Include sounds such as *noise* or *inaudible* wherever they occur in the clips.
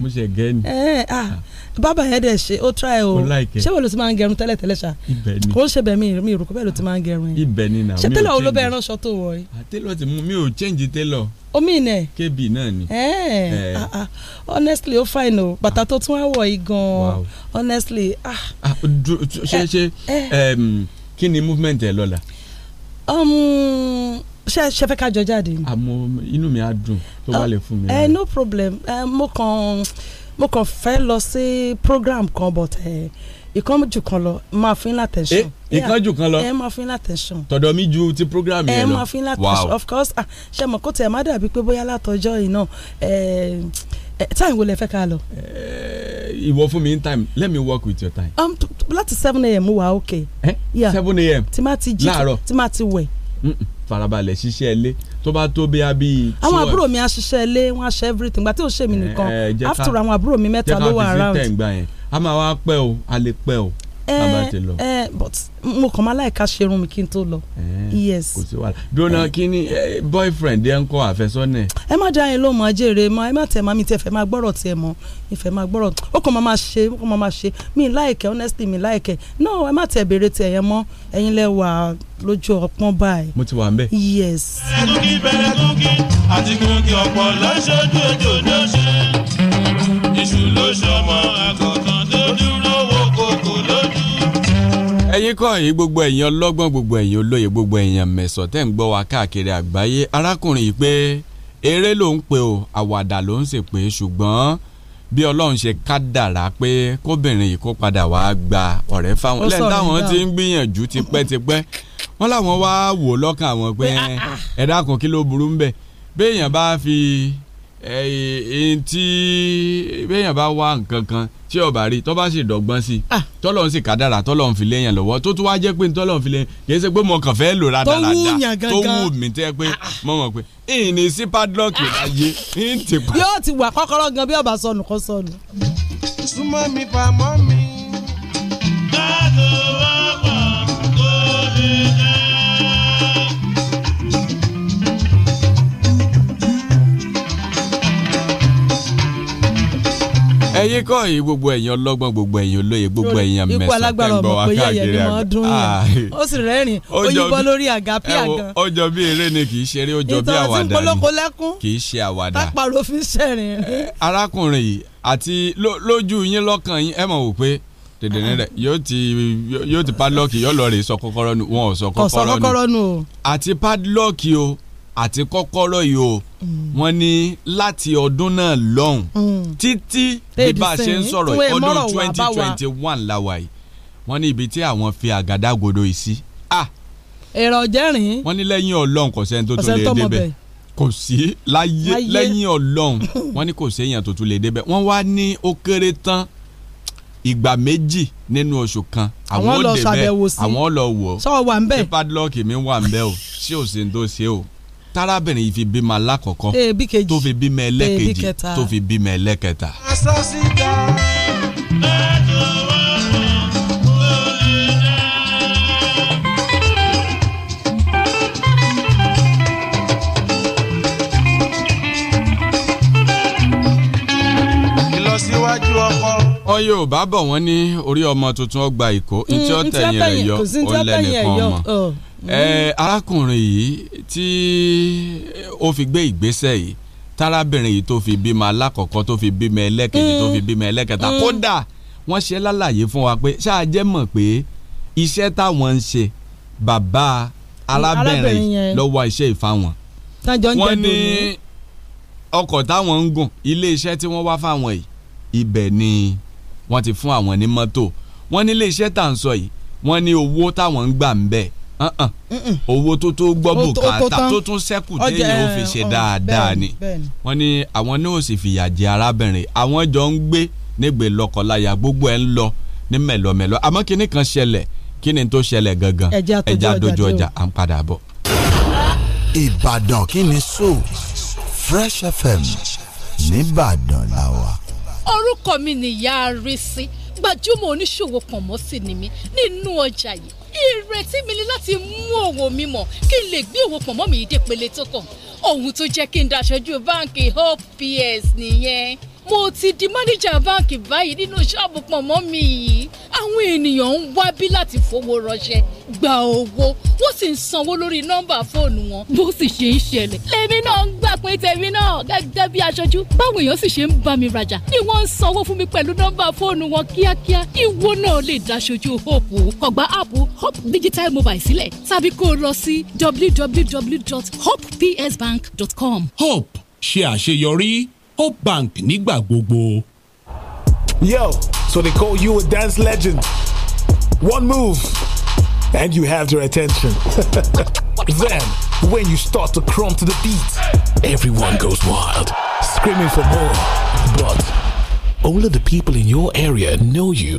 mo ṣe gẹ́ ni. ẹ ah bàbá yẹn dẹ̀ ṣe ó try o ṣé wọ́n ló ti máa ń gẹrun tẹ́lẹ̀ tẹ́lẹ̀ ṣá. ibẹ̀ ni kò ń ṣe bẹ̀ mí mi ìrùkọ́ bẹ́ẹ̀ ló ti máa ń gẹrun yẹn. ibẹ̀ ni na mi ò change ṣe tẹ́lọ̀ wo ló bẹ́ẹ̀ ránṣọ tó wọ̀ yìí. àtẹ́lọ̀ ti mú mi ò change tẹ́lọ̀. omi ìnẹ. kb náà ni. ẹ ah ah honestly ó fine o bàtà tó tún wá wọ̀ yìí gan-an honestly ah. ṣe ṣe kí ni movement ẹ lọ́la. Um, ṣe ṣe fẹ́ ká jọ jáde ni. àmọ́ inú mi á dùn tó bá lè fún mi. ẹ eh, no problem uh, mo kàn mo kàn fẹ́ lọ sí program kan but eh, ìkánjú kan lọ máa fún ilá tẹ̀sán. ìkánjú kan lọ ẹ máa fún ilá tẹ̀sán. tọ̀dọ̀ mi ju ti program yẹn lọ ẹ máa fún ilá tẹ̀sán of course ah, ṣe mọ̀ kó tẹ̀ má dàbí pé bóyá látọjọ́ yìí náà time wo lẹ fẹ́ ká lọ. ìwọ fún mi in time let me work with your time. Um, láti seven a.m. wà ok. seven a.m. tí máa ti jí tí máa ti wẹ̀ farabalẹ̀ ṣiṣẹ́ ilé tó bá tó a bíi. àwọn àbúrò mi á ṣiṣẹ́ ilé wọ́n á ṣe everything gbà tí ò ṣe mí nìkan after àwọn àbúrò mi mẹ́ta ló wà around. jẹ́ ká fi sí tẹ̀ ń gbà yẹn a máa wá pẹ́ o a lè pẹ́ o ẹ eh, eh, but mo kàn máa láìka ṣerun mi kí n tó lọ. Eh, yes kò sí wàhálà dona kini boyfriend ẹ ń kọ àfẹ́sọ́nà. ẹ má dá yẹn ló mọ ajére mọ ẹ má tẹ màmí tẹ fẹ́ máa gbọ́rọ̀ tiẹ̀ mọ ìfẹ́ máa gbọ́rọ̀ ó kàn máa ṣe ó kàn máa ṣe mi láìkẹ́ honestly mi láìkẹ́ no ẹ má tẹ béèrè tiẹ̀ yẹn mọ́ ẹ̀yin lẹ wà lójú ọpọ́n báyìí. mo ti wà ń yes. bẹ̀rẹ̀ kúkí bẹ̀rẹ̀ kúkí àti kúkí ọ̀pọ̀ lọ́sọ̀dún òjò lọ́sẹ̀ ẹ̀yin kọ́ ẹ̀yin gbogbo ẹ̀yin ọlọ́gbọ́n gbogbo ẹ̀yin olóye gbogbo ẹ̀yin mẹ̀sọ̀ tẹ́ ń gbọ́ wa káàkiri àgbáyé arákùnrin yìí pé eré ló ń pè ó àwàdà ló ń sì pè ṣùgbọ́n bí ọlọ́run ṣe kádàrá pé kóbìnrin yìí kó padà wá gba ọ̀rẹ́ fáwọn lẹ́yìn táwọn ti ń gbìyànjú tipẹ́tipẹ́ wọ́n làwọn wá wò lọ́kàn àwọn pé ah, ah. ẹ kí ló burú ń bẹ béèyàn bá fi ẹ̀yìn eh, tí béèyàn bá wá nǹkan kan tí ọba rí tọ́ bá sì dọ́gbọ́n sí ah. tọ́lọ́ ń sì kádàrà tọ́lọ́ ń fi léyìn lọ́wọ́ tó tún wá jẹ́ pé tọ́lọ́ ń fi léyìn kì í ṣe pé mo kàn fẹ́ lò rádaràda tó wù mí tẹ́ pé ah, ah. mo mọ̀ pé ìní sí padlọ́ọ̀kì láyé ń tì pa. yóò ti wà kọ́kọ́rọ́ gan bí ọba sọnù kó sọnù. súnmọ́ mi pa mọ́ mi. gbàdúrà. ẹ̀yin kọ́ yìí gbogbo ẹ̀yin ọlọ́gbọ́n gbogbo ẹ̀yin olóye gbogbo ẹ̀yin mẹsàn-án ikú alágbára ọmọ pé yẹyẹ ni mo dún yẹn ah, ó sì rẹ́rìn oyinbọ lórí àga pí àga. ó jọ bí eré ni kì í ṣeré ó jọ bí àwàdà ni kì í ṣe àwàdà. tápàrọ̀ fi ṣẹ̀rìn. arákùnrin yìí àti lójú yín lọ́kàn yín ẹ mọ̀ wò pé dèdè ní rẹ yóò ti yóò ti padlock yóò lọ rè sọ kọ́kọ́rọ́ nù wọn ò sọ kọ́kọ́rọ́ nù àti padlock o àti kọ́kọ́rọ́ yìí o mm. wọ́n ní láti ọdún náà lọ́hùn mm. títí bí bá a ṣe ń sọ̀rọ̀ ọdún twenty twenty one làwà yìí wọ́n ní ibi tí àwọn fi àgádágodo yìí sí. Ah! èrò jẹ́rìn. wọ́n ní lẹ́yìn ọlọ́run kò sẹ́ni tó tún lè débẹ̀ kò sí láyé lẹ́yìn ọlọ́run *laughs* wọ́n ní kò séèyàn tó tún lè débẹ̀ wọ́n wá ní ó kéré tán ìgbà méjì nínú oṣù kan àwọn ò débẹ̀ àwọn ò lọ wò ṣé padlock mi wà ń bẹ̀ o ṣé ò sí ní tó ṣe o tarabìnrin yìí fi bímọ alákọ̀ọ́kọ́ tó fi bímọ ẹlẹ́kejì tó fi bímọ ẹlẹ́kẹta. Yorùbá bọ̀ wọ́n ní orí ọmọ tuntun ọgbà ìkó mm, ntí ó tẹ̀yìn rẹ̀ yọ ó lẹ́nìkan mọ̀ mm. arákùnrin yìí tí ó fi gbé ìgbésẹ̀ yìí tárábìnrin yìí tó fi bímọ alákọ̀ọ́kọ́ tó fi bímọ ẹlẹ́kẹ̀jì tó fi mm. bímọ ẹlẹ́kẹta kódà wọ́n ṣe lálàyé fún wa pé ṣáà mọ̀ pé iṣẹ́ táwọn ń ṣe bàbá arábìnrin lọ́wọ́ iṣẹ́ ìfáwọn wọ́n ní ọkọ̀ táwọn ń gùn ilé tí wọ́n wá fáwọn yìí ibẹ̀ ni wọ́n ti fún àwọn ní mọ́tò wọ́n ní iléeṣẹ́ tà ń sọ yìí wọ́n ní owó táwọn ń gbà ń bẹ̀ owó tó tó gbọ́ bùkátà tó tún sẹ́kù téèyàn ó fi ṣe dáadáa ni wọ́n ní àwọn náà sì fìyà jẹ arábìnrin àwọn jọ ń gbé nígbè lọ́kọláya gbogbo ẹ̀ ń lọ ní mẹ̀lọ́mẹ̀lọ́ àmọ́ kinní kan ṣẹlẹ̀ kíni tó ṣẹlẹ̀ gangan ẹja dojú ọjà à ń padà bọ̀. Ìbàdàn kí ni so Fresh FM nìbàdàn làwà orúkọ mi nìyá arísí gbajúmọ̀ oníṣòwò pọ̀nmọ́ sì ni mí nínú ọjà yìí ìrètí mi ni láti mú òwò mi mọ̀ kí n lè gbé òwò pọ̀nmọ́ mi dé pele tó kàn ohun tó jẹ́ kí n daṣojú báǹkì hope ps nìyẹn mo ti di mánìjà báǹkì báyìí nínú ṣọ́ọ̀bù pọ̀nmọ́ mi yìí àwọn ènìyàn ń wá bí láti fowó rọṣẹ́ gba owó wọ́n sì ń sanwó lórí nọ́mbà fóònù wọn bó sì ṣe ń ṣẹlẹ̀. lèmi náà ń gbà pé tèmi náà gẹ́gẹ́ bí aṣojú báwọn èèyàn sì ṣe ń bá mi rajà ni wọ́n ń sanwó fún mi pẹ̀lú nọ́mbà fóònù wọn kíákíá ìwọ náà lè daṣojú hope kọgbà app hope digital mobile sílẹ̀ tàbí kó o lọ sí www.hopepsbank.com. hope ṣe àṣeyọrí Hope Bank nígbà gbogbo. Yo, so they call you a dance legend. One move, and you have their attention. *laughs* then, when you start to crumb to the beat, everyone goes wild, screaming for more. But only the people in your area know you.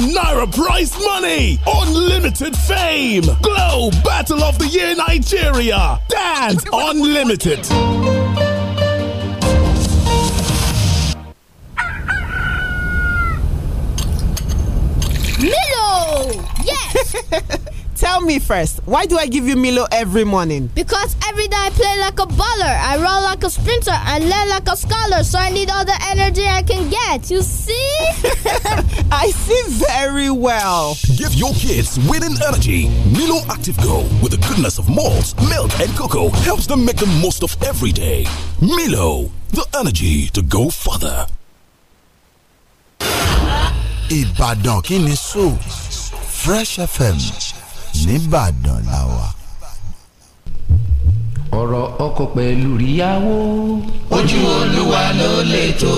million naira prize money, unlimited fame, Glow Battle of the Year Nigeria, Dance Unlimited. Milo! Yes! *laughs* tell me first, why do I give you Milo every morning? Because every day I play like a baller, I run like a sprinter, and learn like a scholar, so I need all the energy I can get. You see? *laughs* I see very well. Give your kids winning energy. Milo Active Go, with the goodness of malt, milk, and cocoa, helps them make the most of every day. Milo, the energy to go further. Ibadan Kinisu, Fresh FM. nìbàdàn la wà. ọ̀rọ̀ ọkọ pẹ̀lú ìyàwó. ojú olúwa ló lè tó.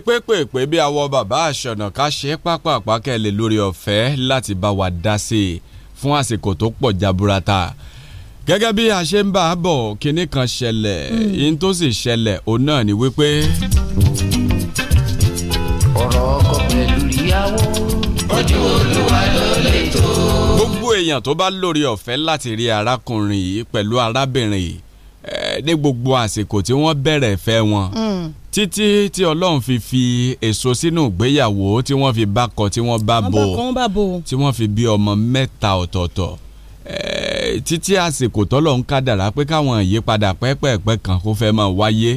pépèpépè bí àwọ bàbá àṣọ̀nà ká ṣe pápápá kẹ́lẹ̀ lórí ọ̀fẹ́ láti bá wa dá sí i fún àsìkò tó pọ̀ jaburata gẹ́gẹ́ bí a ṣe ń bá a bọ̀ kinní kan ṣẹlẹ̀ yín hmm. tó sì ṣẹlẹ̀ òun náà ni wípé. ọ̀rọ̀ ọkọ pẹ̀lú ìyàwó ojú olúwa ló lè tó. gbogbo èèyàn tó bá lórí ọ̀fẹ́ láti rí arákùnrin yìí pẹ̀lú arábìnrin yìí Eh, ní gbogbo àsìkò tí wọ́n bẹ̀rẹ̀ fẹ́ wọn mm. títí tí ọlọ́run fi fi èso sínú ìgbéyàwó tí wọ́n fi bá kọ tí wọ́n bá bò tí wọ́n fi bí ọmọ mẹ́ta ọ̀tọ̀ọ̀tọ̀ eh, títí àsìkò tọ́lọ́run kádàrá pé káwọn ìyípadà pẹ́pẹ́pẹ́ kan kó fẹ́ máa wáyé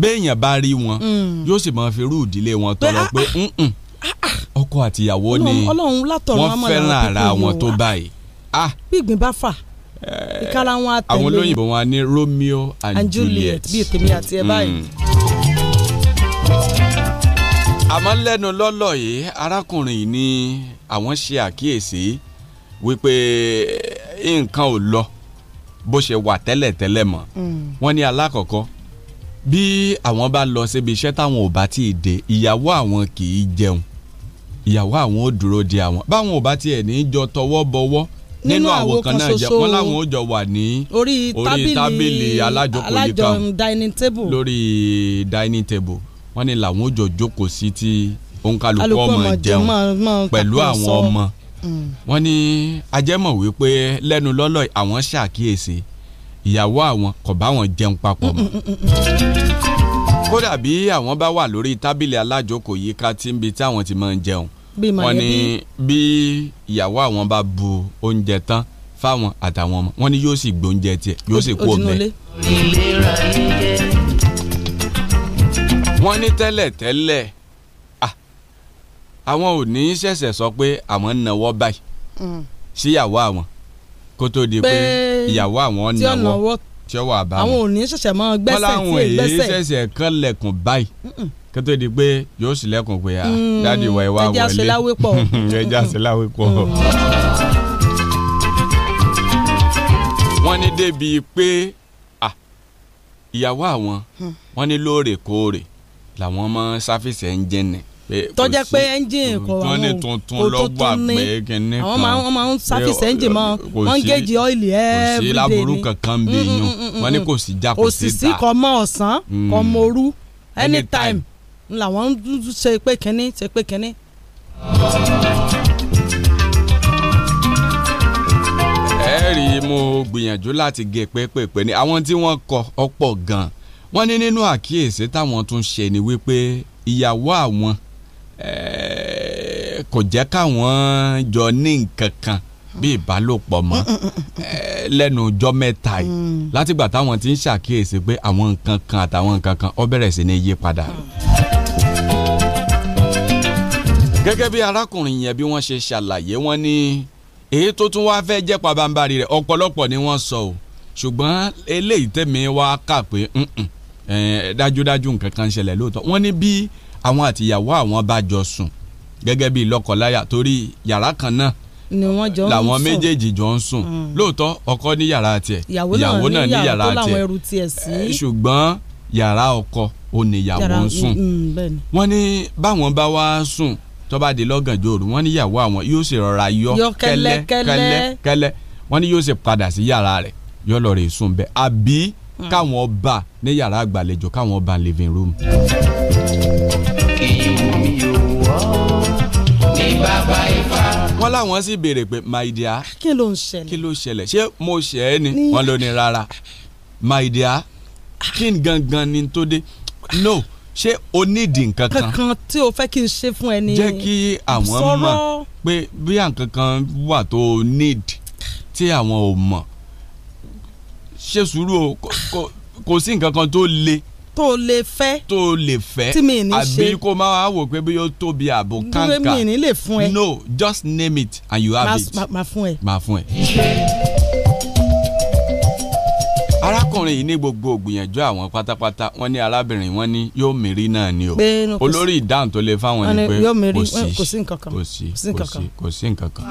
béèyàn bá rí wọn mm. yóò sì máa fi rú ìdílé wọn tọrọ pé ah, ah, mm, ah, ọkọ àtìyàwó ni wọ́n fẹ́ràn ara wọn tó báyìí. bí ìgbín bá fà. Eh, ìkara wọn àtẹlẹ àwọn olóyìnbó wọn ní Romeo and, and Juliet bíi tèmi àti ẹ hmm. báyìí. àmọ́ lẹ́nu lọ́lọ́ yìí arákùnrin yìí ni àwọn ṣe àkíyèsí wípé eh, nǹkan ò lọ bó ṣe wà tẹ́lẹ̀tẹ́lẹ̀ mọ́ hmm. wọ́n ní alákọ̀ọ́kọ́ bí àwọn bá lọ síbi iṣẹ́ táwọn ò bá tí ì dé ìyàwó àwọn kì í jẹun ìyàwó àwọn ò dúró de àwọn báwọn ò bá tiẹ̀ ní í jọ tọwọ́ bọwọ́ nínú àwo kan náà jẹ wọn làwọn ò jọ wà ní orí tábìlì alájọkòyìká lórí dining table wọn ni làwọn ò jọ jókòó sí ti òǹkàlùkọ́ ọmọ jẹun pẹ̀lú àwọn ọmọ wọn ni ajẹ́mọ̀ wípé lẹ́nu lọ́lọ́ àwọn ṣàkíyèsí ìyàwó àwọn kò bá wọn jẹun papọ̀ mọ́ kódà bí àwọn bá wà lórí tábìlì alájọkòyìká tí ń bi tí àwọn ti máa ń jẹun wọ́n ní bí ìyàwó àwọn bá bu oúnjẹ tán fáwọn àtàwọn ọmọ wọ́n ní yóò sì gbé oúnjẹ tiẹ̀ yóò sì kú òmìnir wọ́n ní tẹ́lẹ̀ tẹ́lẹ̀ àwọn ò ní ṣẹ̀ṣẹ̀ sọ pé àwọn ń nawọ́ báyìí mm. síyàwó àwọn kó tó di pé ìyàwó àwọn nawọ́ tí ó wà bá wọn. àwọn ò ní ṣẹ̀ṣẹ̀ mọ́ gbẹ́sẹ̀ tí ì gbẹ́sẹ̀. wọ́n láwọn èyí ṣẹ̀ṣẹ̀ kan lẹ̀kùn báyìí kí tó di pé yóò sì lẹ́kùn pé mm, dáàdi ìwà ìwà wọlé *laughs* ẹja ṣe láwé pọ̀ ẹja ṣe láwé pọ̀. wọ́n ní débi pé ìyàwó àwọn hmm. wọ́n ní lóòrèkóòrè làwọn mọ sáfìsì ẹnjìnì tọ́jà pé ẹ́ńjìn kò wọ́n ní tuntun lọ́gbà pé kìnnì kan wọ́n máa ń sáfìsì ẹ́ńjìn mọ́ wọ́n ń géèjì ọ́ìlì ẹ́ẹ́bídé kò sí láburú kankan bí mm, mm, yún wọ́n ní kò sí já kò kò sí sí kò mọ ọ̀sán kò mọ òru anytime. anytime làwọn ń ṣe pé kínní ṣe pé kínní. ẹ rí i mo gbìyànjú láti gé pépèpé ni àwọn tí wọ́n kọ ọ̀pọ̀ gan-an wọ́n ní nínú àkíyèsí táwọn tún ṣe ni wípé ìyàwó àwọn kò jẹ́ káwọn jọ ní nǹkan kan bí ìbálòpọ̀ mọ́ mm, mm, mm, lẹ́nu ọjọ́ mẹ́ta yìí látìgbà táwọn ti ń ṣàkíyèsí pé àwọn nǹkan kan àtàwọn nǹkan kan ó bẹ̀rẹ̀ sí ní yí padà. Mm gẹ́gẹ́ bí arákùnrin yẹn bí wọ́n ṣe ṣàlàyé wọ́n ní èyí tó tún wáá fẹ́ jẹ́ pabambarì rẹ̀ ọ̀pọ̀lọpọ̀ ni wọ́n sọ o ṣùgbọ́n eléyìí tẹ̀mí wá kà pé dájúdájú nǹkan kan ṣẹlẹ̀ lóòótọ́ wọ́n ní bí àwọn àtìyàwó àwọn bá jọ sùn gẹ́gẹ́ bí lọ́kọláya torí yàrá kan náà ni wọ́n jọ ń sùn làwọn méjèèjì jọ ń sùn mm. lóòótọ́ ọkọ ní yàrá tiẹ̀ ìyàwó náà ní yàrá tiẹ̀ ṣùgbọ́n yàrá ọkọ ò ń sùn mm, wọ́n ní báwọn bá wá sùn tó bá dé lọ́gànjọ́ òru wọ́n níyàwó àwọn yóò sì rọra yọ kẹ́lẹ́ kẹ́lẹ́ kẹ́lẹ́ wọ́n ní yóò sì padà sí yàrá rẹ̀ yọ lọ rè sùn bẹ́ẹ̀ àbí hmm. káwọn ọba ní yàrá àgbàlejò káwọn ọba living room. wọ́n láwọn sì béèrè pé my dear kí ló ń ṣẹlẹ̀ kí ló ṣẹlẹ̀ ṣé mo ṣẹ̀ ẹ́ ni wọ́n ló ní rárá my dear kí gangan ni tó dé no ṣé o nídìí nǹkan kan kankan tí o fẹ́ kí n ṣe fún ẹni jẹ́ kí àwọn mọ̀ pé bí nǹkan kan wà tó need tí àwọn ò mọ̀ ṣe sùúrù o kò sí nǹkan kan tó le tó lè fẹ́. tó lè fẹ́ tí mi ní ṣe àbí kó máa wò pé bí yóò tóbi ààbò kàǹkà mi ní lè fún ẹ. no just name it and you have ma, it. ma fún ẹ. ma fún ẹ arákùnrin yìí ní gbogbo ògbìyànjú àwọn pátápátá wọn ní arábìnrin wọn ní yóò mérí náà ni o olórí ìdáhùn tó lè fáwọn ni pé kò sí kò sí kò sí nǹkan kan.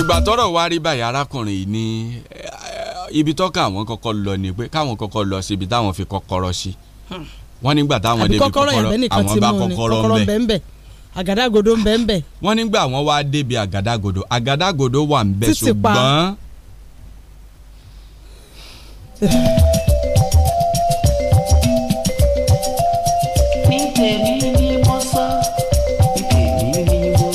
ìgbà tọ́rọ̀ wá rí báyìí arákùnrin yìí ní eh, ibi tọ́ka àwọn kọ́kọ́ lọ ni pé káwọn kọ́kọ́ lọ síbi táwọn fi kọ́kọ́rọ́ sí hmm. wọ́n nígbà táwọn débi kọ́kọ́rọ́ àwọn bá kọ́kọ́rọ́ ń bẹ̀ àgádágodo ń bẹ ń bẹ. wọ́n nígbà wọ́n wá débi àgádágodo àgádágodo wà ń bẹ ṣùgbọ́n. ní tèmi ni mo sọ ní tèmi ni mo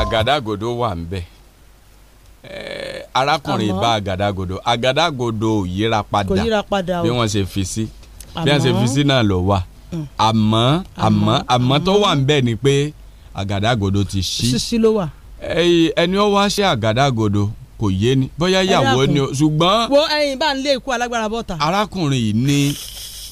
àgádágodo wà ń bẹ eh, arákùnrin bá àgádágodo àgádágodo ò yíra padà bí wọ́n fi Si bí a ṣe fi sí náà lọ wa mm. àmọ́ àmọ́ àmọ́ tó wà ń bẹ̀ ni pé àgàdàgodo ti ṣí ṣíṣí ló wà. ẹni ó wá ṣe àgàdàgodo kò yé ni bóyá ìyàwó ni o ṣùgbọ́n. wo ẹyin bá ń lé ikú alágbára bọ́ta. arákùnrin yìí ní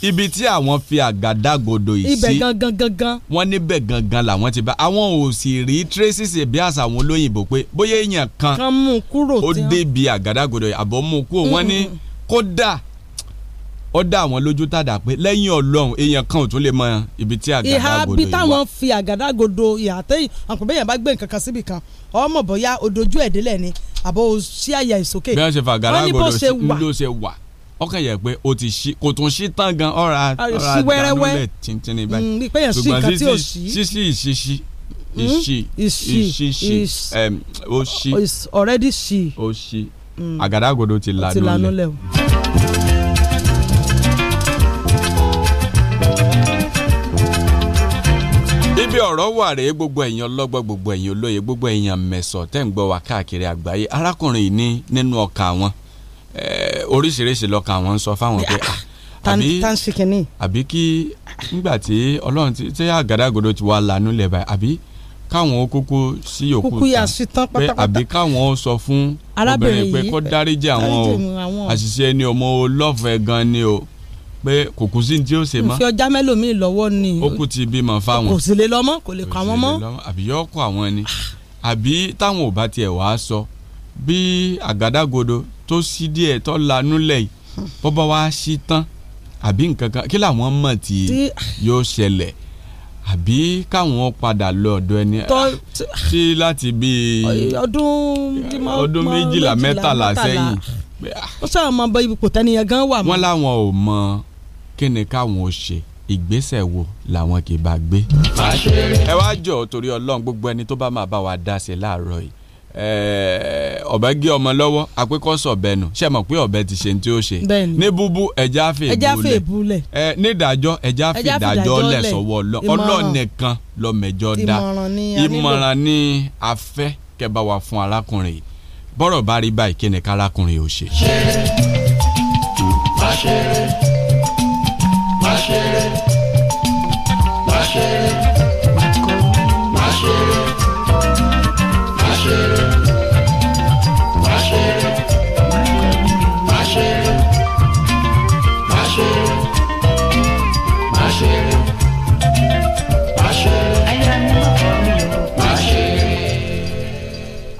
ibi tí àwọn fi àgádágodo yìí sí. ibẹ̀ gangan gangan. wọ́n níbẹ̀ gangan làwọn ti bá àwọn ò sì rí traces bí àṣà àwọn olóyìnbó pé bóyá èèyàn kan. kan mú kúrò tí wọ́n. ó débi àgádágodo yìí àbọ̀ mú kúrò wọ́n ní kódà ó dá àwọn lójú tàdá pé lẹ́yìn ọlọ́run èèyàn kan ò tún lè mọ ibi tí àgádágodo ìwà. ìhà bí táwọn fi àgádágodo ìhà tẹ́yìn àpòbẹ́yàn bá gbé nǹkan kan síbì kan ọmọ bóyá odojú ẹ̀dínlẹ̀ ni àbọ̀ sí àyà ìsókè. bí wọ́n ṣe fa àgádágodo ló ṣe wà ọkàn yẹ pé o ti ṣí kò tún ṣí tán gan ọ̀rá ọ̀rá dànù tìǹtìǹ báyìí mm, ṣùgbọ́n sísí mm, ìṣíṣí ìṣí ìṣíṣí ó ṣí already ṣí ó ṣí mm. àgádágodo ti lanu lẹ̀. bí ọ̀rọ̀ wà rèé gbogbo ẹ̀yin ọlọ́gbọ́n gbogbo ẹ̀yin olóye gbogbo ẹ̀yin mẹ̀sọ̀ tẹ́ ń gbọ́ wa káàkiri àgbáyé arákùnrin yìí ní nínú ọkà wọn oríṣiríṣi lọ́kà wọn ń sọ fáwọn pé ah, àbí kí nígbà tí ọlọ́run tí àgádágodo ti wà lánú lẹ̀ báyìí àbí káwọn kókó sí òkú tán pé àbí káwọn sọ fún obìnrin pé kó dáríjì àwọn o àṣìṣe ni ọmọ olófẹ́ gan ni o pé kò kú sí ní tí ó ṣe mọ́. nfi ọjà mẹ́lòmíì lọ́wọ́ ni. ó kú ti bímọ fáwọn. kò sì lè lọ mọ́ kò lè kọ́ àwọn mọ́. àbí yọ ọkọ àwọn ni àbí táwọn ò bá tiẹ̀ wàá sọ bí àgádágodo tó sí díẹ̀ tó lanú lẹ̀ yìí bọ́bá wa sí tán àbí nǹkan kan kí làwọn mọ̀ tí yóò ṣẹlẹ̀ àbí káwọn padà lọ ọ̀dọ̀ ẹni ah, tí láti bíi ọdún méjìlá mẹ́tàlá sẹ́yìn ó sábà máa bọ ipò tẹ́niyàn gan wà mọ́. wọ́n láwọn ò mọ kí ni káwọn ò ṣe ìgbésẹ̀ wo làwọn kì í bá gbé. ẹ wá jọ torí ọlọ́run gbogbo ẹni tó bá máa bá wa dá sí láàárọ̀ yìí ọ̀bẹ gé ọmọ lọ́wọ́ àpékọ́sọ̀ bẹnu ṣe mọ̀ pé ọ̀bẹ ti ṣe ní tí ó ṣe ní búbú ẹja fè búlẹ̀ ní ìdájọ́ ẹja fè ìdájọ́ lẹ̀ sọ́wọ́ ọlọ́ọ̀nìkan lọ́mẹjọ́ dá ìmọ̀ràn ni afẹ́ kẹba fún arákùnrin bọ́rọ̀ bá rí báyìí kí ni kárákùnrin ò ṣe. ṣe é ṣe é.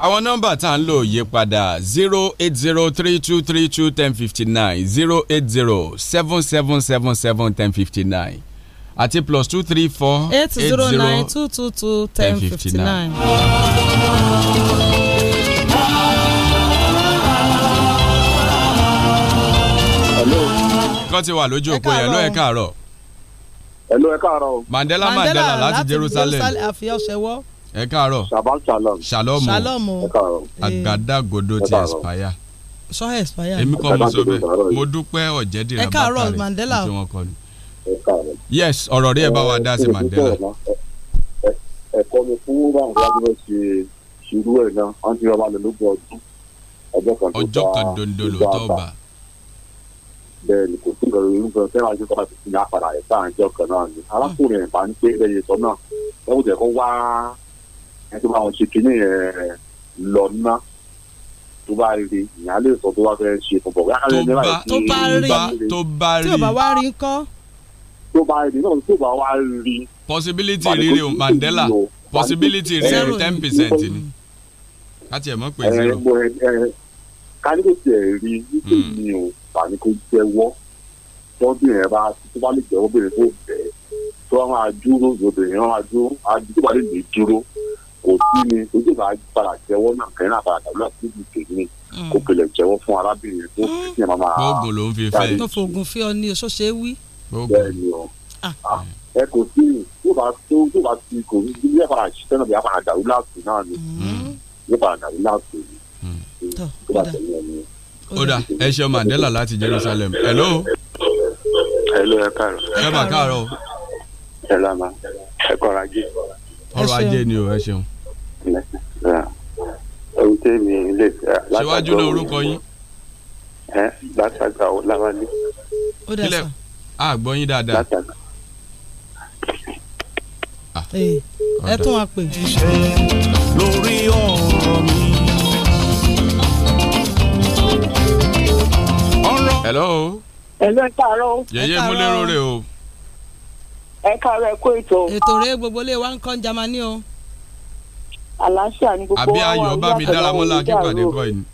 àwọn nọ́mbà tá à ń lò yí padà zero eight zero three two three two ten fifty nine zero eight zero seven seven seven seven ten fifty nine àti plus two three four eight zero nine two two two ten fifty nine. kan ti wà lójú òpó yẹn ló ẹ káàárọ̀. ẹ ló ẹ káàárọ̀. Mandela Mandela láti Jerusalem. Mandela láti Jerusalem àfihàn ṣẹwọ́ ẹ káàárọ̀ shabam shalom shalom shalom ẹ káàárọ̀ àgádágodo ti expire sọ expire èmi kọ́ mo sọ bẹ́ẹ̀ mo dúpẹ́ ọ̀jẹ̀dìrà bàkàrẹ̀ ẹ káàárọ̀ Mandela yes ọ̀rọ̀ rí ẹ bá wa dá sí Mandela. ẹ̀kọ́ mi fún báwọn ìwádìí ṣe ṣubú ẹ̀ náà wọ́n ti rọ́ọ̀mà lè lóògùn ọdún ọjọ́ kan dondo lóòótọ́ ọba bẹ́ẹ̀ ni kò sí ìrọ̀rùn irúgbìn fẹ́ràn ajé tọ́ka tuntun ní apàdà ẹ̀ sáà ń jẹ́ ọkàn náà ni alákùnrin ẹ̀ bá ń pé ẹ̀yẹ sọ náà ẹ̀ wò jẹ́ kó wá ẹni tó bá wọn ṣe kínní ẹ lọ ná tó bá rí ìyá lè sọ tó bá fẹ́ ṣe pọ̀pọ̀ tó bá rí tó bá rí tí bá wá rí kọ́. tó bá rí náà tó bá wá rí. possibility rere o Mandela possibility rere ten percent ni láti ẹ̀ mọ́ pé zero. ká ní rí nítorí mi ò tàbí kò jẹ́wọ́ tọ́jú yẹn bá tó bá lè jẹ́wọ́ bẹ̀rẹ̀ tó bẹ̀ẹ́ tó máa dúró obìnrin máa dúró àdúgbò bá lè dúró kò sí ni ojú ìbá padà jẹ́wọ́ náà kẹrin náà padà dàbí láti ibi tèmi mm. kò pèlè jẹ́wọ́ fún arábìnrin tó fi sí ẹ máa máa. oògùn ló ń fi fẹ́ yìí. tó fògùn fi ọ ní oṣó ṣe é wí. bẹ́ẹ̀ni o ah. Ah, ẹ kò sí ni tó bá tó tó bá ti kò ní bí ẹ padà ṣiṣẹ́ náà bí ẹ padà dàrú láti náà ni ẹ mm. padà dàrú láti ni mm. tó bá tẹ̀lé ẹ ni. ó dà ẹ ṣe Mandela láti Jerusalem hello. hello ẹ káàárọ̀. ẹ bá káàárọ̀ o. ẹ lọ́mọ ẹ kọ́ra jẹ́. ọrọ̀ ajé ni o ẹ ṣeun ohun tí mi lè fẹ́. ṣíwájú náà orúkọ yín. ẹ látàgbà ó láwálé. ó dà sọ. a gbọ́ yín dáadáa. látàgbà. Ah. Eh, ẹ tún wá pè. lórí ọ̀rọ̀ mi. hello. hello ẹ káàárọ̀. yẹyẹ mú lérò rẹ o. ẹ káàárọ̀ ẹ kó ètò. ètò rẹ gbogbo lè wá ń kọ́ Jámánì o àlàáfíà ní gbogbo wa wà ní àtàwọn olùdarí àrò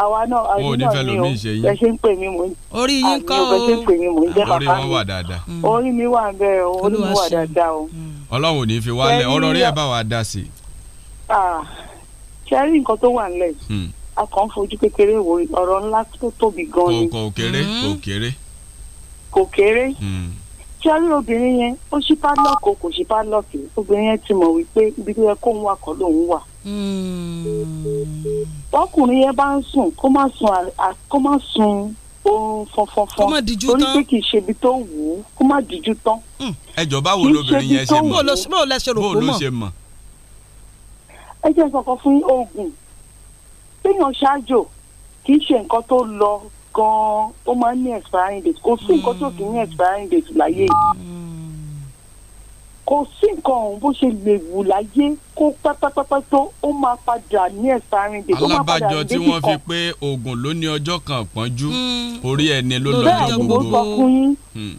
àwa náà àyè náà ni o bẹ ṣe ń pè mí mò ń orí yín kọ́ o bẹ ṣe ń pè mí mò ń jẹ́ bàbá mi orí wọn wà dáadáa mm. orí mi wà bẹ́ẹ̀ o orí mi wà dáadáa o. Mm. ọlọ́run ò ní fi wálẹ̀ ọ̀rọ̀ rí ẹ̀ bá wa dá sí i. ṣe rí nǹkan tó wà nílẹ̀ hmm. a kàn ń fojú kékeré wo ọ̀rọ̀ ńlá tó tóbi gan-an ni. kò kéré kò mm. kéré. kò kéré. Hmm ṣe rí obìnrin yẹn ó ṣí pálọ́ọ̀kì kò ṣí pálọ́ọ̀kì obìnrin yẹn ti mọ̀ wípé ibi tó yẹ kóun wà kọ́ lòun wà. Hmm. ọkùnrin yẹn bá ń sùn kó má sùn kó má sùn oorun fọnfọnfọn torí pé kì í ṣe ibi tó wù ú kó má díjú tán. Hmm. ẹjọ báwo lobìnrin yẹn ṣe mọ̀ bó ló ṣe rò pé mọ̀ bó ló ṣe mọ̀. ẹ jẹ́ nǹkan kan fún oògùn téèyàn ṣáájò kì í ṣe nǹkan tó lọ gan-an ó máa ń ní expiring date kò sí nǹkan tó kì í ní expiring date láyé kò sí nǹkan ọ̀hún bó ṣe lè wù láyé kó pátápátá tó ó máa padà ní expiring date ó máa padà ní alábàjọ tí wọ́n fi pé oògùn ló ní ọjọ́ kan pọ́njú hmm. orí ẹni ló lọ́jọ́ gbogbo. bẹ́ẹ̀ ni mo sọ fún yín hmm.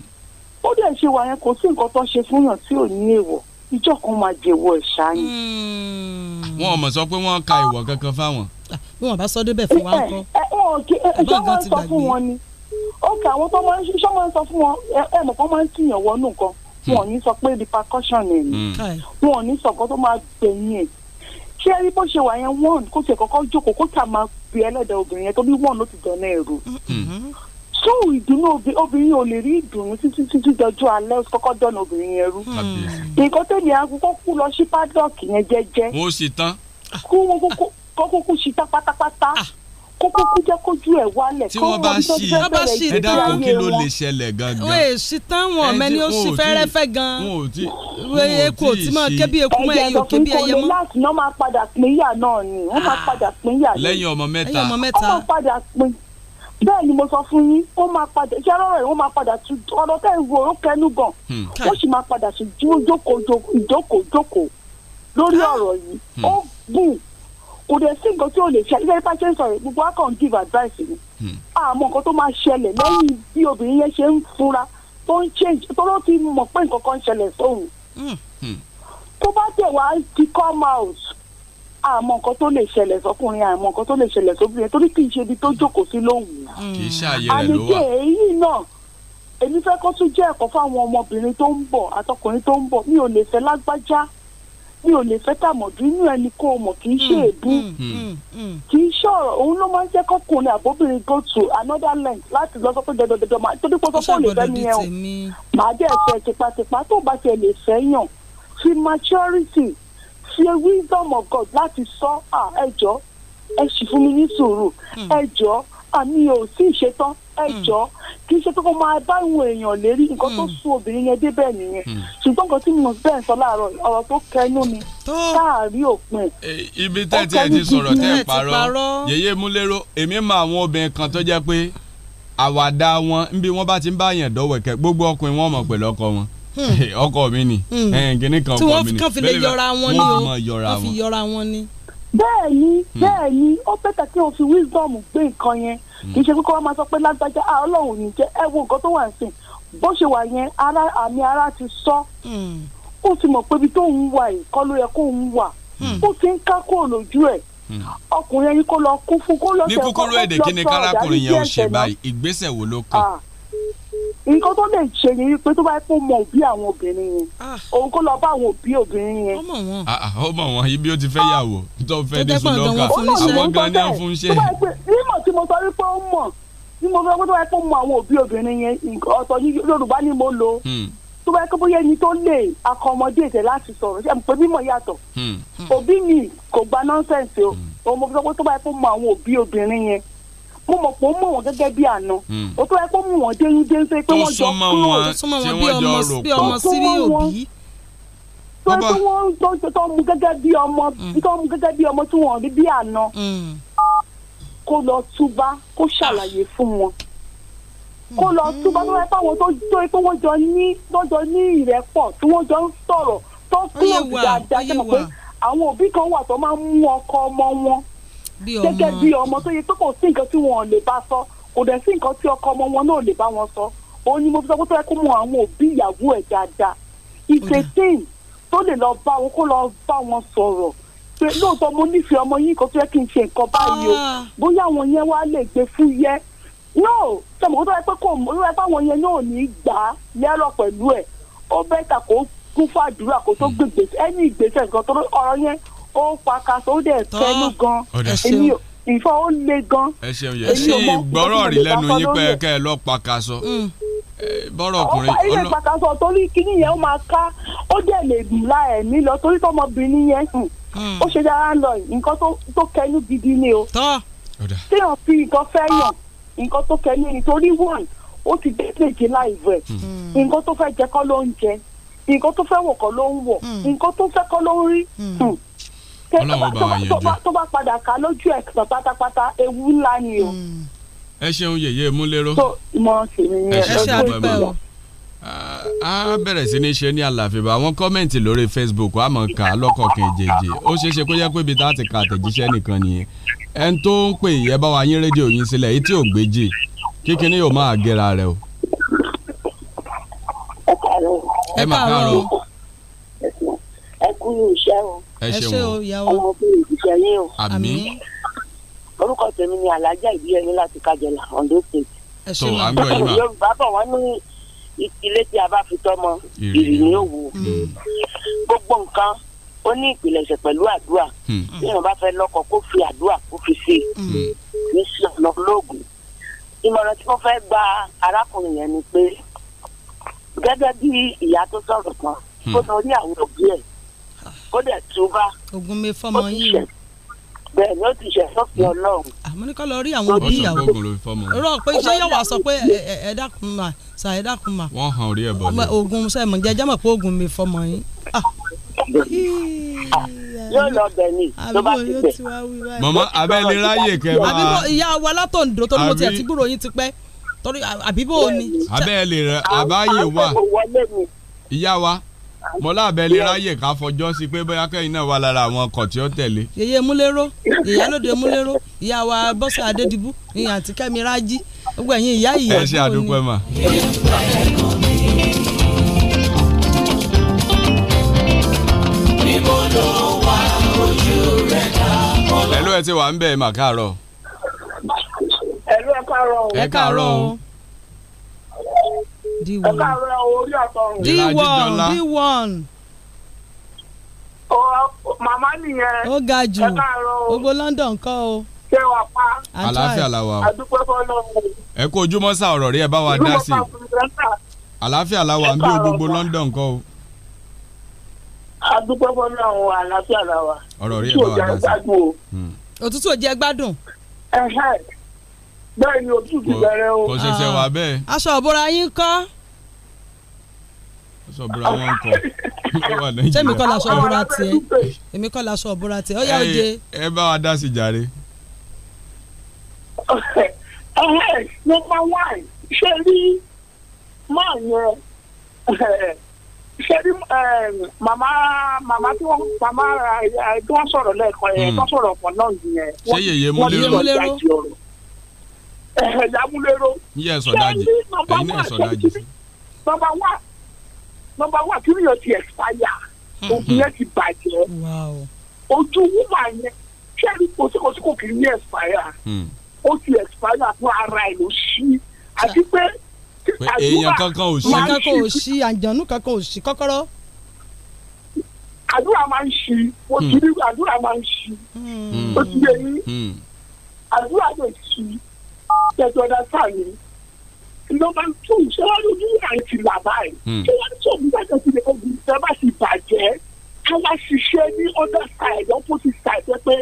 ó dẹ̀ ṣe wà yẹn kò sí nǹkan tó ṣe fún yàn tí ò ní èèwọ̀ ìjọ kan máa jẹ̀wọ́ ẹ̀ṣá ni. Hmm. wọn ò mọ̀ sọ pé wọ́n ka ìwọ̀ kankan fáwọn. bí ah, wọn bá sọ débẹ̀ fún wa eh, ńkọ́. ẹ eh, ẹ eh, ṣé wọn sọ fún wọn ni ok àwọn tó máa ń ṣiṣọ́ máa ń sọ fún wọn ẹ mọ̀ kán máa ń tìyàn wọnú nǹkan hmm. wọn ò ní sọ pé repercussion ẹ̀ ni hmm. wọn ò ní sọ nǹkan tó máa gbẹ̀yìn ẹ̀ ṣé ẹ rí bó ṣe wà yẹn one kó tiẹ̀ kọ́kọ́ jókòó kó tà máa bí ẹlẹ́dẹ̀ obìnrin yẹn tó bí one ló ti dán náà ẹ̀rù mm-hmm so ìdùnnú obìnrin ò lè rí ìdùnnú títí títí dọjọ́ alẹ́ kọ́kọ́ dọ̀nà obìnrin yẹn rú nǹkan tẹ̀lé àkókò kú lọ sí paddock yẹn jẹ́jẹ́ ó sì tán kó kókó kú sí tán pátápátá kókó ah. kú jẹ́ kójú ẹ̀ wálẹ̀ tí wọ́n bá ṣì í ẹ dákun kí ló lè ṣẹlẹ̀ gangan. wẹ́ẹ̀ sí tán wọn mẹ́ni ó sì fẹ́rẹ́fẹ́ gan eku ò tí mọ kébí eku mọ ẹyọ kébí ẹyẹ mọ. ẹ̀jẹ̀ dọ̀kun kò lè láti náà máa padà pínyà náà ni wọ́n máa ah. padà pínyà. lẹ́yìn ọmọ mẹ́ta ọmọ padà pínyà bẹ́ẹ̀ ni mo sọ fún yín ó máa padà iṣẹ́ ọ̀rọ̀ yìí ó máa padà tu ọ̀rọ̀ tẹ́ ẹ̀ wo ó kẹnu gan hmm. ó sì máa padà sí jókòó jókòó jókòó lórí ọ̀rọ̀ yìí hmm. ó gùn kò dẹ̀ sí nǹkan tí ò lè ṣe ilé ipá ṣe ń sọ̀rọ̀ gbogbo wa kàn give advice ni àmọ́ hmm. nǹkan tó máa ṣẹlẹ̀ lẹ́yìn bí obìnrin yẹn ṣe ń fura tó ń change tó ló ti mọ̀ pé nǹkan kan ṣẹlẹ̀ sóhun tó bá tẹ̀ wá ti come out àmọ́ nǹkan tó lè ṣẹlẹ̀ sọkùnrin àmọ́ nǹkan tó lè ṣẹlẹ̀ sóbìnrin torí kì í ṣe ibi tó jókòó sí lóhùn. Mm. kì í ṣàyẹ̀ rẹ̀ ló wà. àlejò èyí náà èmi fẹ́ kó tún jẹ́ ẹ̀kọ́ fáwọn ọmọbìnrin tó ń bọ̀ àtọkùnrin tó ń bọ̀ mi ò lè fẹ́ lágbájá mi ò lè fẹ́ tàmọ̀dú inú ẹni kó o mọ̀ kì í ṣe mm. èébú mm. kì í ṣọ̀rọ̀ òun ló máa ń jẹ́ kọ́kùnrin àbóbìnrin go to another length láti lọ sọ pé dandandandan máa torí pé sọ́kọ́ lè fẹ́ nìyẹn o màá jẹ́ ẹ̀fẹ́ tipátipá tó bá tiẹ̀ lè fẹ́ yàn fi maturity ṣe wisdom of God láti sọ ẹ ẹ sì fún mi ní sùúrù hmm. ẹ àmì ò sí ìṣetán ẹ hmm. kì í ṣe pé kó máa bá ìwọn èèyàn lérí nǹkan tó hmm. sún obìnrin yẹn débẹ̀ nìyẹn ṣùgbọ́n nǹkan tí mo bẹ́ẹ̀ sọ láàárọ̀ ọ̀rọ̀ tó kẹnu mi káàrí òpin. ibi tẹ́tí ẹ ti sọ̀rọ̀ tẹ́ ẹ parọ́ yẹ̀yẹ́ múlẹ́rọ́ èmi mọ àwọn obìnrin kan tó jẹ́ pé àwàdà wọn níbi wọ́n bá ti ń bá yẹn dọ́wẹ̀kẹ́ gbogbo ọkùnrin wọn mọ̀ pẹ̀lú ọkọ wọn Hmm. ọkọ mi ni gíní hmm. kan ọkọ mi ni tí wọ́n fi lè yọra wọn ni o wọ́n fi yọra wọn ni. bẹ́ẹ̀ni hmm. bẹ́ẹ̀ni ó bẹ́tà kí o fi wisdom gbé nǹkan yẹn kì í ṣe kókó wọn máa sọ pé lágbájá ah, Ọlọ́run ò ní jẹ́ ẹ wo nǹkan tó wà ń sìn bó ṣe wà yẹn ara àmì ara ti sọ ó ti mọ̀ pé ibi tó ń wà yìí kọ́ ló yẹ kó ń wà ó ti ń ká kúrò lójú ẹ̀ ọkùnrin yẹn kó lọ kú fún kó lọ sẹ́kọ̀ọ́ lọ sọ ọ̀dà ní kúkúrú èdè kí ni kárákùnrin yẹn ó ṣe báyìí ìgbésẹ̀ wo ló kàn. Ah nǹkan tó lè ṣe ni wípé tó bá yẹ kó mọ òbí àwọn obìnrin yẹn ah. òun kó lọ bá àwọn òbí obìnrin yẹn. ó mọ̀ wọ́n. ó ah, ah, mọ̀ wọ́n ibi ó ti fẹ́ yàwó tó fẹ́ dé sùn lọ́kà àwọn gan ni wọ́n fún iṣẹ́. nímọ̀ tí mo sọ wípé ó mọ̀ tí mo sọ pé tó bá yẹ kó mọ àwọn òbí obìnrin yẹn ọ̀tọ̀ Yorùbá ni mo lò hmm. tó bá yẹ kó bóyá ẹni tó lè akọmọdé ètè láti sọ̀rọ̀ ṣe pé mímọ̀ yàtọ̀ hmm. òbí mi kò gba nọ́ńsẹ̀ǹsì o hmm. òun mo sọ pé tó bá yẹ kó mọ àwọn òbí obìnrin yẹn mo mọ̀ pé ó mú wọn gẹ́gẹ́ bí àná hmm. ó tó yẹ kó mú wọn déyín dé pé pé wọ́n jọ kúrò tó súnmọ́ wọn bí ọmọ sí òbí tó tó wọ́n tó mú gẹ́gẹ́ bí ọmọ hmm. tó mú gẹ́gẹ́ bí ọmọ tí wọ́n rí bí àná hmm. kó lọ túbá kó ṣàlàyé fún wọn kó lọ túbọ̀ tó fẹ́ fáwọn tó tó pé wọ́n jọ ní wọ́n jọ ní ìrẹ́pọ̀ tí wọ́n jọ ń sọ̀rọ̀ tó kúrò dáadáa ṣe mọ̀ pé àwọn òbí kan wà tó máa ń mú ọkọ ọmọ wọn gẹ́gẹ́ bí ọmọ tó yẹ pé kò sí nǹkan tí wọn ò lè bá sọ kò dẹ̀ sí nǹkan tí ọkọ ọmọ wọn náà lè bá wọn sọ òun ni mo fi sọ pé tó yẹ kó mọ àwọn òbí ìyàwó ẹ̀ dáadáa ìfẹ̀tẹ́yìn tó lè lọ bá wọn kó lọ bá wọn sọ̀rọ̀ pé lóòótọ́ mo nífẹ̀ẹ́ ọmọ yìí kan tó yẹ kí n ṣe nǹkan báyìí o ah. bóyá àwọn yẹn wá lè gbé fún yẹ no sọmọ tó yẹ pé kò mọ lóòótọ́ àwọn yẹn náà ní gbà á lẹ́rọ̀ pẹ̀lú ẹ̀ ó bẹ́ẹ̀ ta kó kún fún àdúrà kó tó hmm. gbègbè ẹni ìgbésẹ̀ nǹkan tó ọ̀rọ̀ yẹn ó pakaso ó dẹ̀ tẹnu gan èmi ìfọ́ ó le gan. ẹ ṣeun yẹ ṣé ìgbọ́rọ̀ rí lẹ́nu yín pé kẹ́ ẹ lọ pakaso mm. bọ́rọ̀ ọkùnrin ọlọ́ ilé pàtàkì torí kíní yẹn ó máa ká ó dẹ̀ lè dùn la ẹ̀mí lọ torí tọmọbìnrin yẹn sùn mm, mm. ó ṣe dára lọ nǹkan tó kẹnu gidi ni o téèyàn fi nǹkan fẹ́ yàn nǹkan tó kẹnu ni torí one ó ti dé kejì láìvọ ẹ̀ nǹkan tó fẹ́ jẹ kọ́ ló ń jẹ nǹkan tó fẹ́ wọ̀ kọ́ ló ń wọ̀ nǹkan tó fẹ́ kọ́ ló ń rí tó bá padà ká lójú ẹ̀ tán pátápátá ewu ńlá ni o. Mm. ẹ ṣeun yèyé múlẹ́rọ́. tó ìmọ̀ràn tèmi ni a bẹ̀rẹ̀ sí ní ṣe ní àlàfíà àwọn kọ́mẹ̀ntì lórí Facebook a máa kà á lọ́kọ̀ọ̀kan ó ṣeé ṣe kó yẹ pé ibi tá a ti ka àtẹ̀jíṣẹ́ nìkan nìyẹn ẹn tó ń pè yẹ bá wa yín rédíò yín sílẹ̀ etí ò gbé jì kíkiní yóò máa gẹ́ra rẹ o. ẹ máa kárọ̀ o ẹ kú iṣẹ́ o. ẹ ṣe o ìyàwó ọmọ fún ìṣiṣẹ́ yín o. àmín. orúkọ tèmi ni alájà ìbíyẹmí láti kájọlá Ondo State. ẹ ṣe wà gbọ́ yìí mà. yorùbá bọ̀ wọ́n ní ilé tí a bá fi tọ́mọ ìrì ni ó wò. Mm. gbogbo nǹkan ó ní ìpìlẹ̀ṣẹ̀ pẹ̀lú àdúrà bí mm. èèyàn bá fẹ́ lọ́kọ kó fi àdúrà kó fi ṣe kì í ṣe ọ̀nà lóògùn. ìmọ̀ràn tí mo fẹ́ gba arákùnrin yẹn ni pé gẹ́gẹ́ bí ìyá tó sọ̀rọ̀ kan mm. kó lọ rí àwọn òbí ẹ̀ ó dẹ̀ túbá. ogun mi fọmọ yín bẹ́ẹ̀ ló ti ṣe sọfì Ọlọ́run. àmọ́ ah, ní lọ rí àwọn òbí ìyàwó rọ pé iṣẹ́ yóò wá sọ pé ẹ dákun mà sà ẹ dákun mà. wọ́n hàn orí ẹ bọ ni. oògùn sẹmọ jẹjẹ mọ pé oògùn mi fọmọ yín. Ah. *laughs* yóò lọ bẹ ni tó bá ti bẹ. mọ̀mọ́ abẹ́ lè ráyè kẹ́ máa. àbí ìyá wa látòǹdó tó ní mo ti gbúrò yín ti pẹ́ torí àbí bò ni. abẹ́ lè rẹ àbáyé wà ìyá wa mo láàbẹ̀ lè ráyè ká fọjọ́ sí pé bóyá kẹ́yìn náà wà lára àwọn ọkọ̀ tí ó tẹ̀lé. yèyé múlẹ́rọ́ ìyálóde múlẹ́rọ́ ìyá wa bọ́sẹ̀ adédìbú ìyá àti kẹ́mi rájí gbogbo ẹ̀yin ìyá ìyá. ẹ ṣe àdúpẹ́ mà. ẹ ti wà ń bẹ̀ mà káàárọ̀. ẹ̀lú ẹ káàárọ̀ ẹ káàárọ̀ D1. ẹ̀ka rẹ̀ D1 D1. màmá nìyẹn. ó ga jù gbogbo London kọ́ o. ṣé wàá pa. àlàáfíà la wà o. àdúpẹ́ fọlọ́mù. ẹ kó ojúmọ́ sá ọ̀rọ̀ rí ẹ bá wa dá sí i. àlàáfíà la wà ń bí o gbogbo London kọ́ o. àdúpẹ́ fọlọ́mù àlàáfíà la wà. ọ̀rọ̀ rí ẹ bá wa dá sí i. Hmm. òtútù ò jẹ́ gbádùn. ẹ̀hẹ́ bẹ́ẹ̀ ni òtútù bẹ̀rẹ̀ o. kò wà aṣọ ìbora yín kọ́. aṣọ ìbora wọn kọ sẹ́mi kọ́ laṣọ ìbora tiẹ̀ èmi kọ́ laṣọ ìbora tiẹ̀ ó yá oje. ẹ bá wa dá sí jàre. ṣe rí máa ṣe rí màmá màmá tí màmá tí yẹn náà yẹn. Eh, yamulero. iye sọdájì ẹyin náà sọdájì. nọ́mbà wá nọ́mbà wá kí nìyẹn ti ẹ̀sáyà òbí hmm, hmm. yẹn ti bàjẹ́ ojú wúmà yẹn kẹ́rì kòsíkòsíkò kì í ní ẹ̀sáyà hmm. ó ti ẹ̀sáyà fún ara ẹ̀ ló ṣí àti pé. èèyàn kankan ò ṣí. kankan ò ṣí àjànú kankan ò ṣí kọ́kọ́rọ́ àdúrà máa ń ṣí mo ti rí àdúrà máa ń ṣí mo ti rí àdúrà lè ṣí ṣètò ọ̀dà sáà ni nọmba tù ṣé wàá lójú àìsí làbá ẹ̀ ṣé wàá tó ògùn bá tẹ̀sí ní ọ̀gùn ìjọba sì bàjẹ́ àwa ṣiṣẹ́ ní ọ̀dà side opposite side pé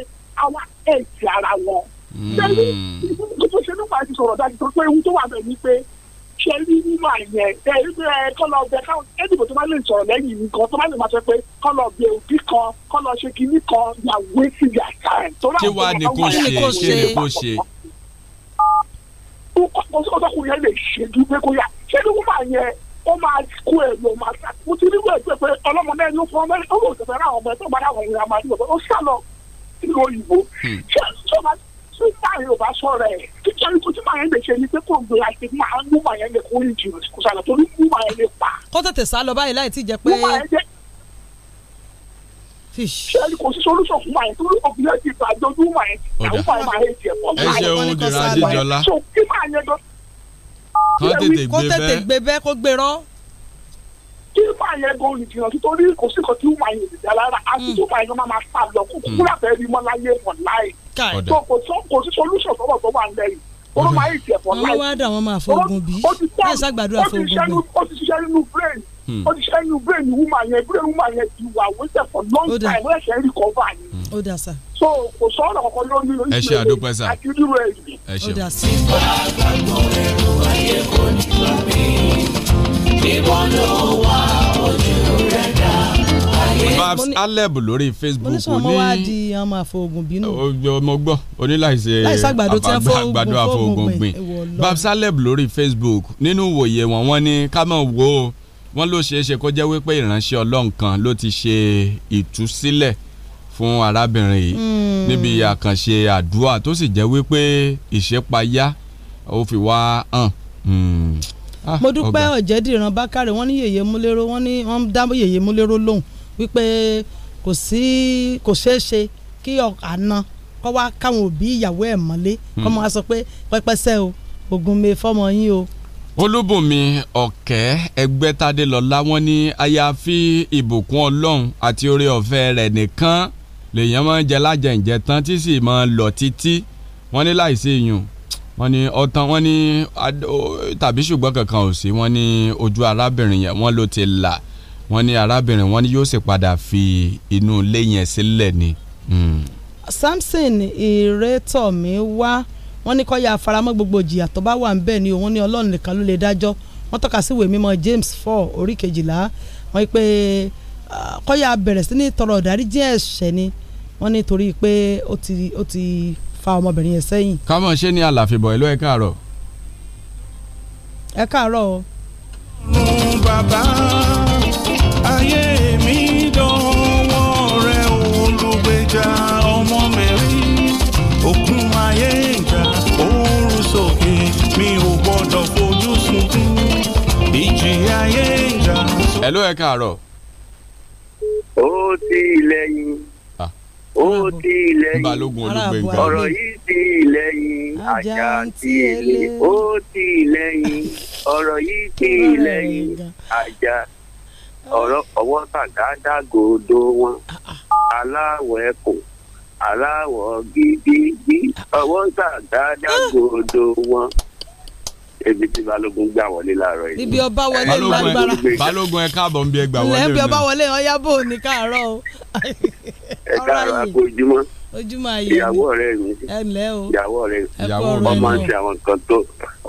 àwa ẹ̀jẹ̀ ara wọn. ṣẹ́ni gbogbo ṣe nípa ti sọ̀rọ̀ dájú tó pé ewu tó wà bẹ̀ ni pé ṣẹ́ni nínú àyẹ̀ ẹ̀rí pé ẹ kọ́ lọ bẹ káwọn ẹ̀dìbò tó bá lè sọ̀rọ̀ lẹ́yìn nǹkan tó bá lè máa sọ pé kọ́ lọ bẹ òbí kan kọ́ ṣe kinní kan yà wé sí yàtà ẹ̀ tó rà ọkùnrin yẹn lè ṣèjú pé kó yà ṣẹ́ni wọ́n máa yẹ ó máa kó ẹ̀ lọ máa ta mo ti rí wẹ̀ pé pé ọlọ́mọ náà ni ó fọ́ mẹ́rin ó lò ó ráwọn ọmọ ẹ̀ tó bá ráwọn ìrìn àmàlí ọ̀dọ́ ó sá lọ òyìnbó hmm. ṣé ìjọba tí báyìí ò bá sọ̀rọ̀ ẹ̀ kíkẹ́ ní kojú màá yẹn lè ṣe ni pé kò gbé àti máa mú màá yẹn lè kó ìjì kò sàlọ̀ torí mú màá yẹn lè pa. kó tètè sá lọ báyìí láì tí jẹ pé. mú màá yẹn ṣẹ́ni kò sí solution fún màá yẹn tó ló kọ́ fún ẹ̀jẹ̀ ìgbà àjọjú màá yẹn àwọn màá yẹn màá yẹn tiẹ̀ pọ̀ màá yẹn kọ́ sáà bá so kí màá yẹn gan. kó tètè gbé bẹ́ẹ̀ kó gbé rọ́. kí màá yẹn gan olùdíyàn nítorí kò sí nǹkan tí màá yẹn lè dá lára àti hmm. tó màá yẹn máa fà lọ kó hmm. kúrò àfẹ́ rí mọ́ láyé mọ́ láì. kò sí solution sọ́wọ́ tó wà lẹ́yìn wọ́n máa yìí tiẹ̀ pọ̀ láì. wọ́n wá máa fọ Hmm. ó ti ṣe ẹyin brain woman yẹn brain woman yẹn ti wà wíṣẹ for long time wọ́n ṣe recover ni. Hmm. ó dà sá. so kò sọ ọ̀rọ̀ kankan lórí ìlú ìlú ìlú àdúpẹ́ àti irú ẹ̀ yìí. ó dà sí. ìgbà àgbàgbọ́ ẹ̀rọ ayé kò ní gbà ìbọn ló wà ojú rẹ̀ dá babs aleb lórí facebook kò ní. ọmọ wa di àgbàdo àfọwọ́gùn gbìn babs aleb lórí facebook nínú wòye wọn wọ́n ní ká máa wò ó wọ́n ló ṣeé ṣe kó jẹ́ wípé ìránṣẹ́ ọlọ́run kan ló ti ṣe ìtúsílẹ̀ fún arábìnrin yìí hmm. níbi àkànṣe àdúrà tó sì jẹ́ wípé ìṣẹ́payá ó fi wá hàn. Hmm. Ah, mo dúpẹ́ ọ̀jẹ̀dìran bákàrẹ̀ wọ́n ní yèyé múlẹ́rọ wọ́n ní wọ́n dá yèyé múlẹ́rọ lóhùn wípé kò sí kò ṣeé ṣe kí àna kọ́ wá káwọn òbí ìyàwó ẹ̀ mọ́lé kọ́ hmm. máa sọ pé pẹ́pẹ́sẹ́ o ogun mi fọ́mọ yín o olúbùnmi ọ̀kẹ́ ẹgbẹ́tadélọ́lá wọn ní àyàfi ìbùkún ọlọ́run àti oore ọ̀fẹ́ rẹ̀ nìkan lèèyàn máa ń jẹ lájẹǹjẹ tán tí sì máa ń lọ títí wọn ní láìsí ìyún wọn ní ọtán wọn ní tàbí ṣùgbọ́n kankan ò sí wọn ní ojú arábìnrin yẹn wọn ló ti là wọn ní arábìnrin wọn ní yóò sì padà fi inú ilé yẹn sílẹ̀ ni. Hmm. Samson ìrètọ́mi wá. Wa wọ́n ní kó yá faramọ́ gbogbo ìjìyà tó bá wà ń bẹ̀ ni òun ní ọlọ́run nìkan ló lè dájọ́ wọ́n tọ́ka sí ìwé mímọ́ James four orí kejìlá wọ́n pé kó yá bẹ̀rẹ̀ sí ní tọrọ ìdáríjì ẹ̀ṣẹ̀ ni wọ́n ní torí pé ó ti fa ọmọbìnrin yẹn sẹ́yìn. kámọ̀ ṣe ni àlàfíbọ̀ ìlú ẹ̀ káàárọ̀. ẹ káàárọ̀ o. bàbá ayé mi dánwọ́ rẹ̀ olùgbèjà ọmọ mẹ́rin òkun ayé. hello ẹ káàárọ̀. ó ti ilẹ̀ yín ó ti ilẹ̀ yín ọ̀rọ̀ yìí ti ilẹ̀ yín àjà ti èlé ó ti ilẹ̀ yín ọ̀rọ̀ yìí ti ilẹ̀ yín àjà ọ̀rọ̀ ọwọ́ tàgádàgòdo wọn ah, ah. aláwọ̀ ẹ̀kọ́ aláwọ̀ gidigidi ọwọ́ tàgádàgòdo wọn ibi tí balógun gbà wọlé láàárọ̀ yìí. ibi ọba wọlé lágbára balógun ẹ káàbọ̀ ń bí ẹ gbà wọlé o. ibi ọba wọlé ọyá bò ní káàárọ̀ o. ẹ káàárọ̀ àpò ojúmọ́ ojúmọ́ ayé mi ìyàwó ọ̀rẹ́ mi ẹ o ìyàwó ọ̀rẹ́ mi ìyàwó ọ̀rẹ́ ń ṣe àwọn nǹkan tó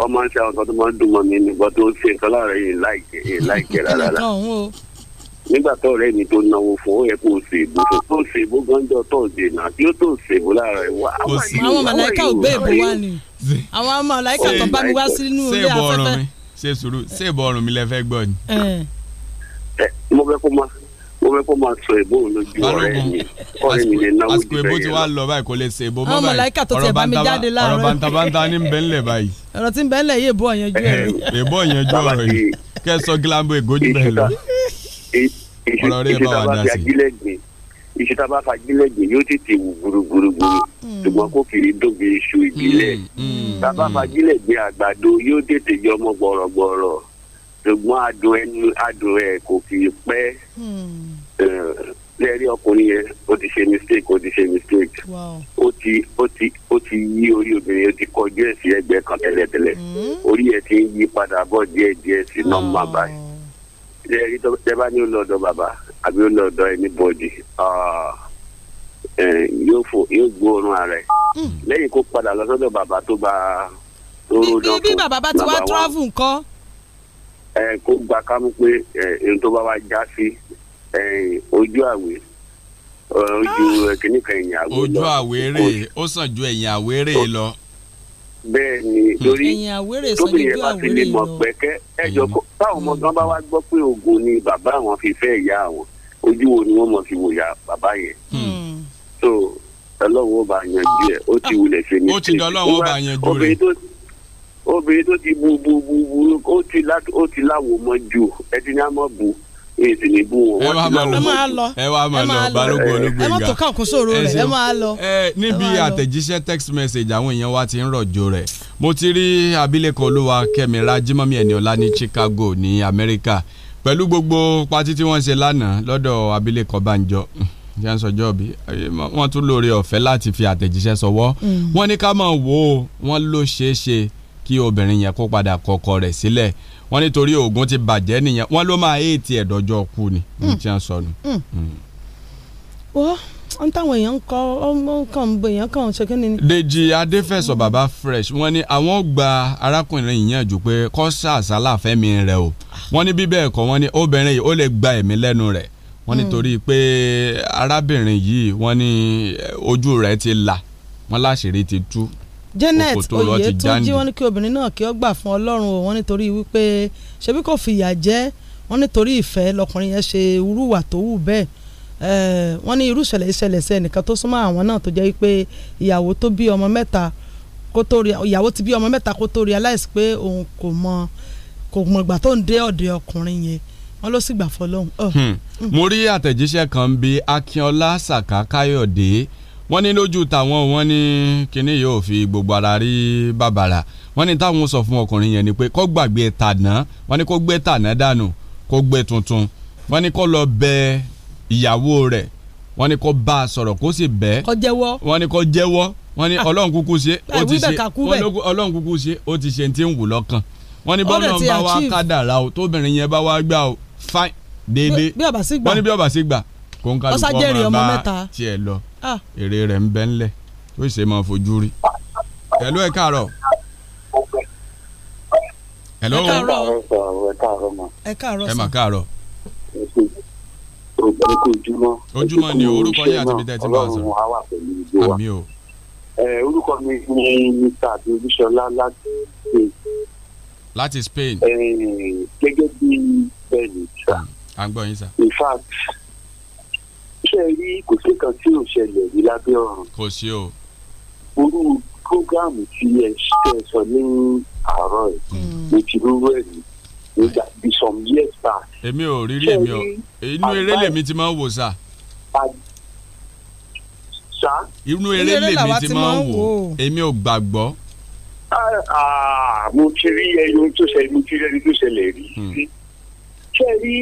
ọmọ ń ṣe àwọn nǹkan tó máa ń dùn mọ́ mi nígbà tó ń ṣe nǹkan láàárọ̀ yìí láìkẹ́ láìkẹ́ rárá nígbà tó ọ̀rẹ́ mi tó náwó fún ó yẹ kó o ṣèbó fún ah! tó ṣèbó gánjọ tó dènà tí ó tó ṣèbó lára ẹ wá. àwọn màláìka ò gbé èbó wá ni àwọn màláìka tó bá mi wá sínú ilé afẹ́fẹ́. ṣé sùúrù ṣé ìbọn ọrùn mi lẹ fẹ́ gbọ́ ni. mo fẹ́ kó máa mo fẹ́ kó máa sọ èbó lójú ọ̀rẹ́ mi ọ̀rẹ́ mi lè náwó jù bẹ́ẹ̀ lọ. àsìkò èbó ti wá lọ báyìí kò lè ṣe mọ́ báyìí ọ̀rọ̀ bàǹtàbàǹtà ní bẹ́ńlẹ̀ iṣẹ́ tá a bá fi ajílẹ̀ gbìn mm. iṣẹ́ mm, mm, tá a bá fi ajílẹ̀ gbìn yóò tètè wù gbùrùgbùrùgbùrù ṣùgbọ́n kò kì í dóbi iṣu ìbílẹ̀ tá a bá fi ajílẹ̀ gbìn àgbàdo yóò tètè yọmọ gbọ̀rọ̀gbọ̀rọ̀ ṣùgbọ́n adùn ẹnu adùn ẹ̀ kò kì í pẹ́ lẹ́rìí ọkùnrin yẹn ó ti ṣe mistake ó ti ṣe mistake ó ti ó ti ó ti yí orí obìnrin ó ti kọjú ẹ̀ sí ẹgbẹ́ kan tẹ́lẹ̀tẹ́lẹ̀ orí ẹ̀ ti ń yí padà bọ̀ díẹ̀ díẹ̀ sí nọ́mbà báyìí. ẹ̀rí ah, eh, hmm. tó bá ní ọ̀nà ọ̀dọ́ bàbá àbí ọ̀nà ẹni anybody yóò fò yóò gbóòórùn ààrẹ lẹ́yìn kó padà lọ bàbá tó bá tó ròdàn kó bí bàbá ti wá travel nǹkan. ẹ eh, kó gba pé eh, tó bá wá já sí ojú ojú ah. kìnnìkan lọ. ojú rè é ó sàn ju ẹ̀yìn àwẹ̀ rè é lọ. bẹ́ẹ̀ hmm. ni lórí tóbi yẹn bá ti lè mọ̀ pẹ́kẹ́ ẹjọ́ hmm. táwọn ọmọ hmm. gan bá wá gbọ́ pé oògùn ni bàbá àwọn fi fẹ́ ìyá àwọn ojú wo ni wọ́n mọ̀ fi wò ya bàbá yẹn so ọlọ́run ó bá yanjú ẹ̀ ó ti wulẹ̀ ṣe ní ti obìnrin tó ti bu bu bu ó ti láwo mọ́ ju ẹ ti ní á mọ́ bu èsì ní bú wọn. ẹ wá máa lọ ẹ wá máa lọ balógun ológun ìgbà ẹ má tó ká òkun sòro rẹ ẹ máa lọ. ẹ níbi àtẹ̀jíṣẹ́ text message àwọn èèyàn wa ti ń rọ̀jò rẹ̀ mo ti rí abilékọ olúwa kẹ́mi rajimomi ẹniọlá ní Chicago ní Amẹ́ríkà pẹ̀lú gbogbo patí tí wọ́n ṣe lánàá lọ́dọ̀ abilékọ Bánjọ hmm, jẹ́ ń sọjọ́ bí wọ́n tún lóore ọ̀fẹ́ láti fi àtẹ̀jíṣẹ́ sọwọ́ hmm. wọ́n ní ká máa wò ó wọ́n ló ṣeé ṣe kí obìnrin yẹn kó padà kọkọ rẹ̀ sílẹ̀ wọ́n nítorí oògùn ti bàjẹ́ nìyẹn wọ́n ló máa èètì ẹ̀dọ́jọ́ kú ni ní mm. tí wọ́n sọ nù. Mm. Mm. wọ́n ń táwọn èèyàn ń kọ́ ọmọ kan èèyàn kan ṣe kí ni. Dèjì Adéfẹ̀sọ baba fresh wọ́n ní àwọn gba arákùnrin ìyànjú pé kó ṣàṣàlà fẹ́mi rẹ̀ o wọ́n ní bí bẹ́ẹ̀ kọ́ wọ́n ní obìnrin yìí ó lè gba ẹ̀mí lẹ́nu rẹ̀ wọ́n nítorí pé arábìnrin yìí wọ́n ní ojú rẹ̀ ti là wọ́n láṣìírí ti tú Janet Oyetunji wọ́n ní kí obìnrin náà kí ó gbà fún Ọlọ́run o wọ́n nítorí wípé ṣebí kò fìyà jẹ wọ́n nítorí ìfẹ́ lọkùnrin yẹn ṣe irúwà tó wù bẹ́ẹ̀ eh, wọ́n ní irú ìṣẹ̀lẹ̀ ìṣẹ̀lẹ̀ sí ẹnìkan tó súnmọ́ àwọn náà tó jẹ́ wípé ìyàwó tó bí ọmọ mẹ́ta kó tó rí ìyàwó ti bí ọmọ mẹ́ta kó tó realize pé òun kò mọ kò mọ ìgbà tó ń dé ọ̀dọ̀ ọkùnrin yẹn wọ́n ló sì gbà fọlọ́hún. Oh. Hmm. mo rí àtẹ̀jíṣẹ́ kan bíi Akínọlá Sàká Káyọ̀dé wọ́n ní lójú tàwọn wọ́n ní kinní yóò fi gbogbo ara rí bàbàrà wọ́n ní táwọn sọ fún ọkùnrin yẹn ni pé kó gbàgbé tàná wọ́n ní kó gbé tàná dànù kó gbé tuntun wọ́n ní kó lọ bẹ ìyàwó rẹ̀ wọ́n ní kó bá a sọ̀rọ̀ kó sì bẹ́ẹ̀ wọ́n ní kó jẹ́wọ́ wọ́n ní ah. ọlọ́run kúkú ṣe ó ti ṣe ọlọ́run kúkú ṣe ó ti ṣe ti ń wù lọ́kàn wọ́n ní bọ́ọ̀nà wa kádàrá fine déédéé wọ́n ní bí ọ̀bà sí gbà kó ń Ah. èrè rẹ̀ ń bẹ ńlẹ̀ tó ṣe máa fojú rí. hello ẹ káàárọ̀. hello ẹ káàárọ̀ ẹ káàárọ̀ ẹ mà ojúmọ́ ni orúkọ yín àti bíi tẹ́tí máa sọ̀rọ̀ àmì o. orúkọ mi ni mr abiodunṣọlá láti spain. láti spain. gẹ́gẹ́ bí bẹ́ẹ̀ ni à ń gbọ́ yín sà. in fact ṣe rí kò sí kan tí ò ṣẹlẹ̀ rí lábẹ́ ọ̀run. kò sí o. orú prógáàmù tí ẹ sọ ní àárọ̀ ẹ̀ hmm. mo ti rúrú ẹ̀ rí nígbà bí some years back. èmi ò rírí èmi ò inú eré lèmi ti máa ń wò sá. sá. inú eré lèmi ti máa ń wò èmi ò gbàgbọ́. mo ti rí ẹni tó ṣẹlẹ̀ mo ti rí ẹni tó ṣẹlẹ̀ rí. Hmm. ṣé rí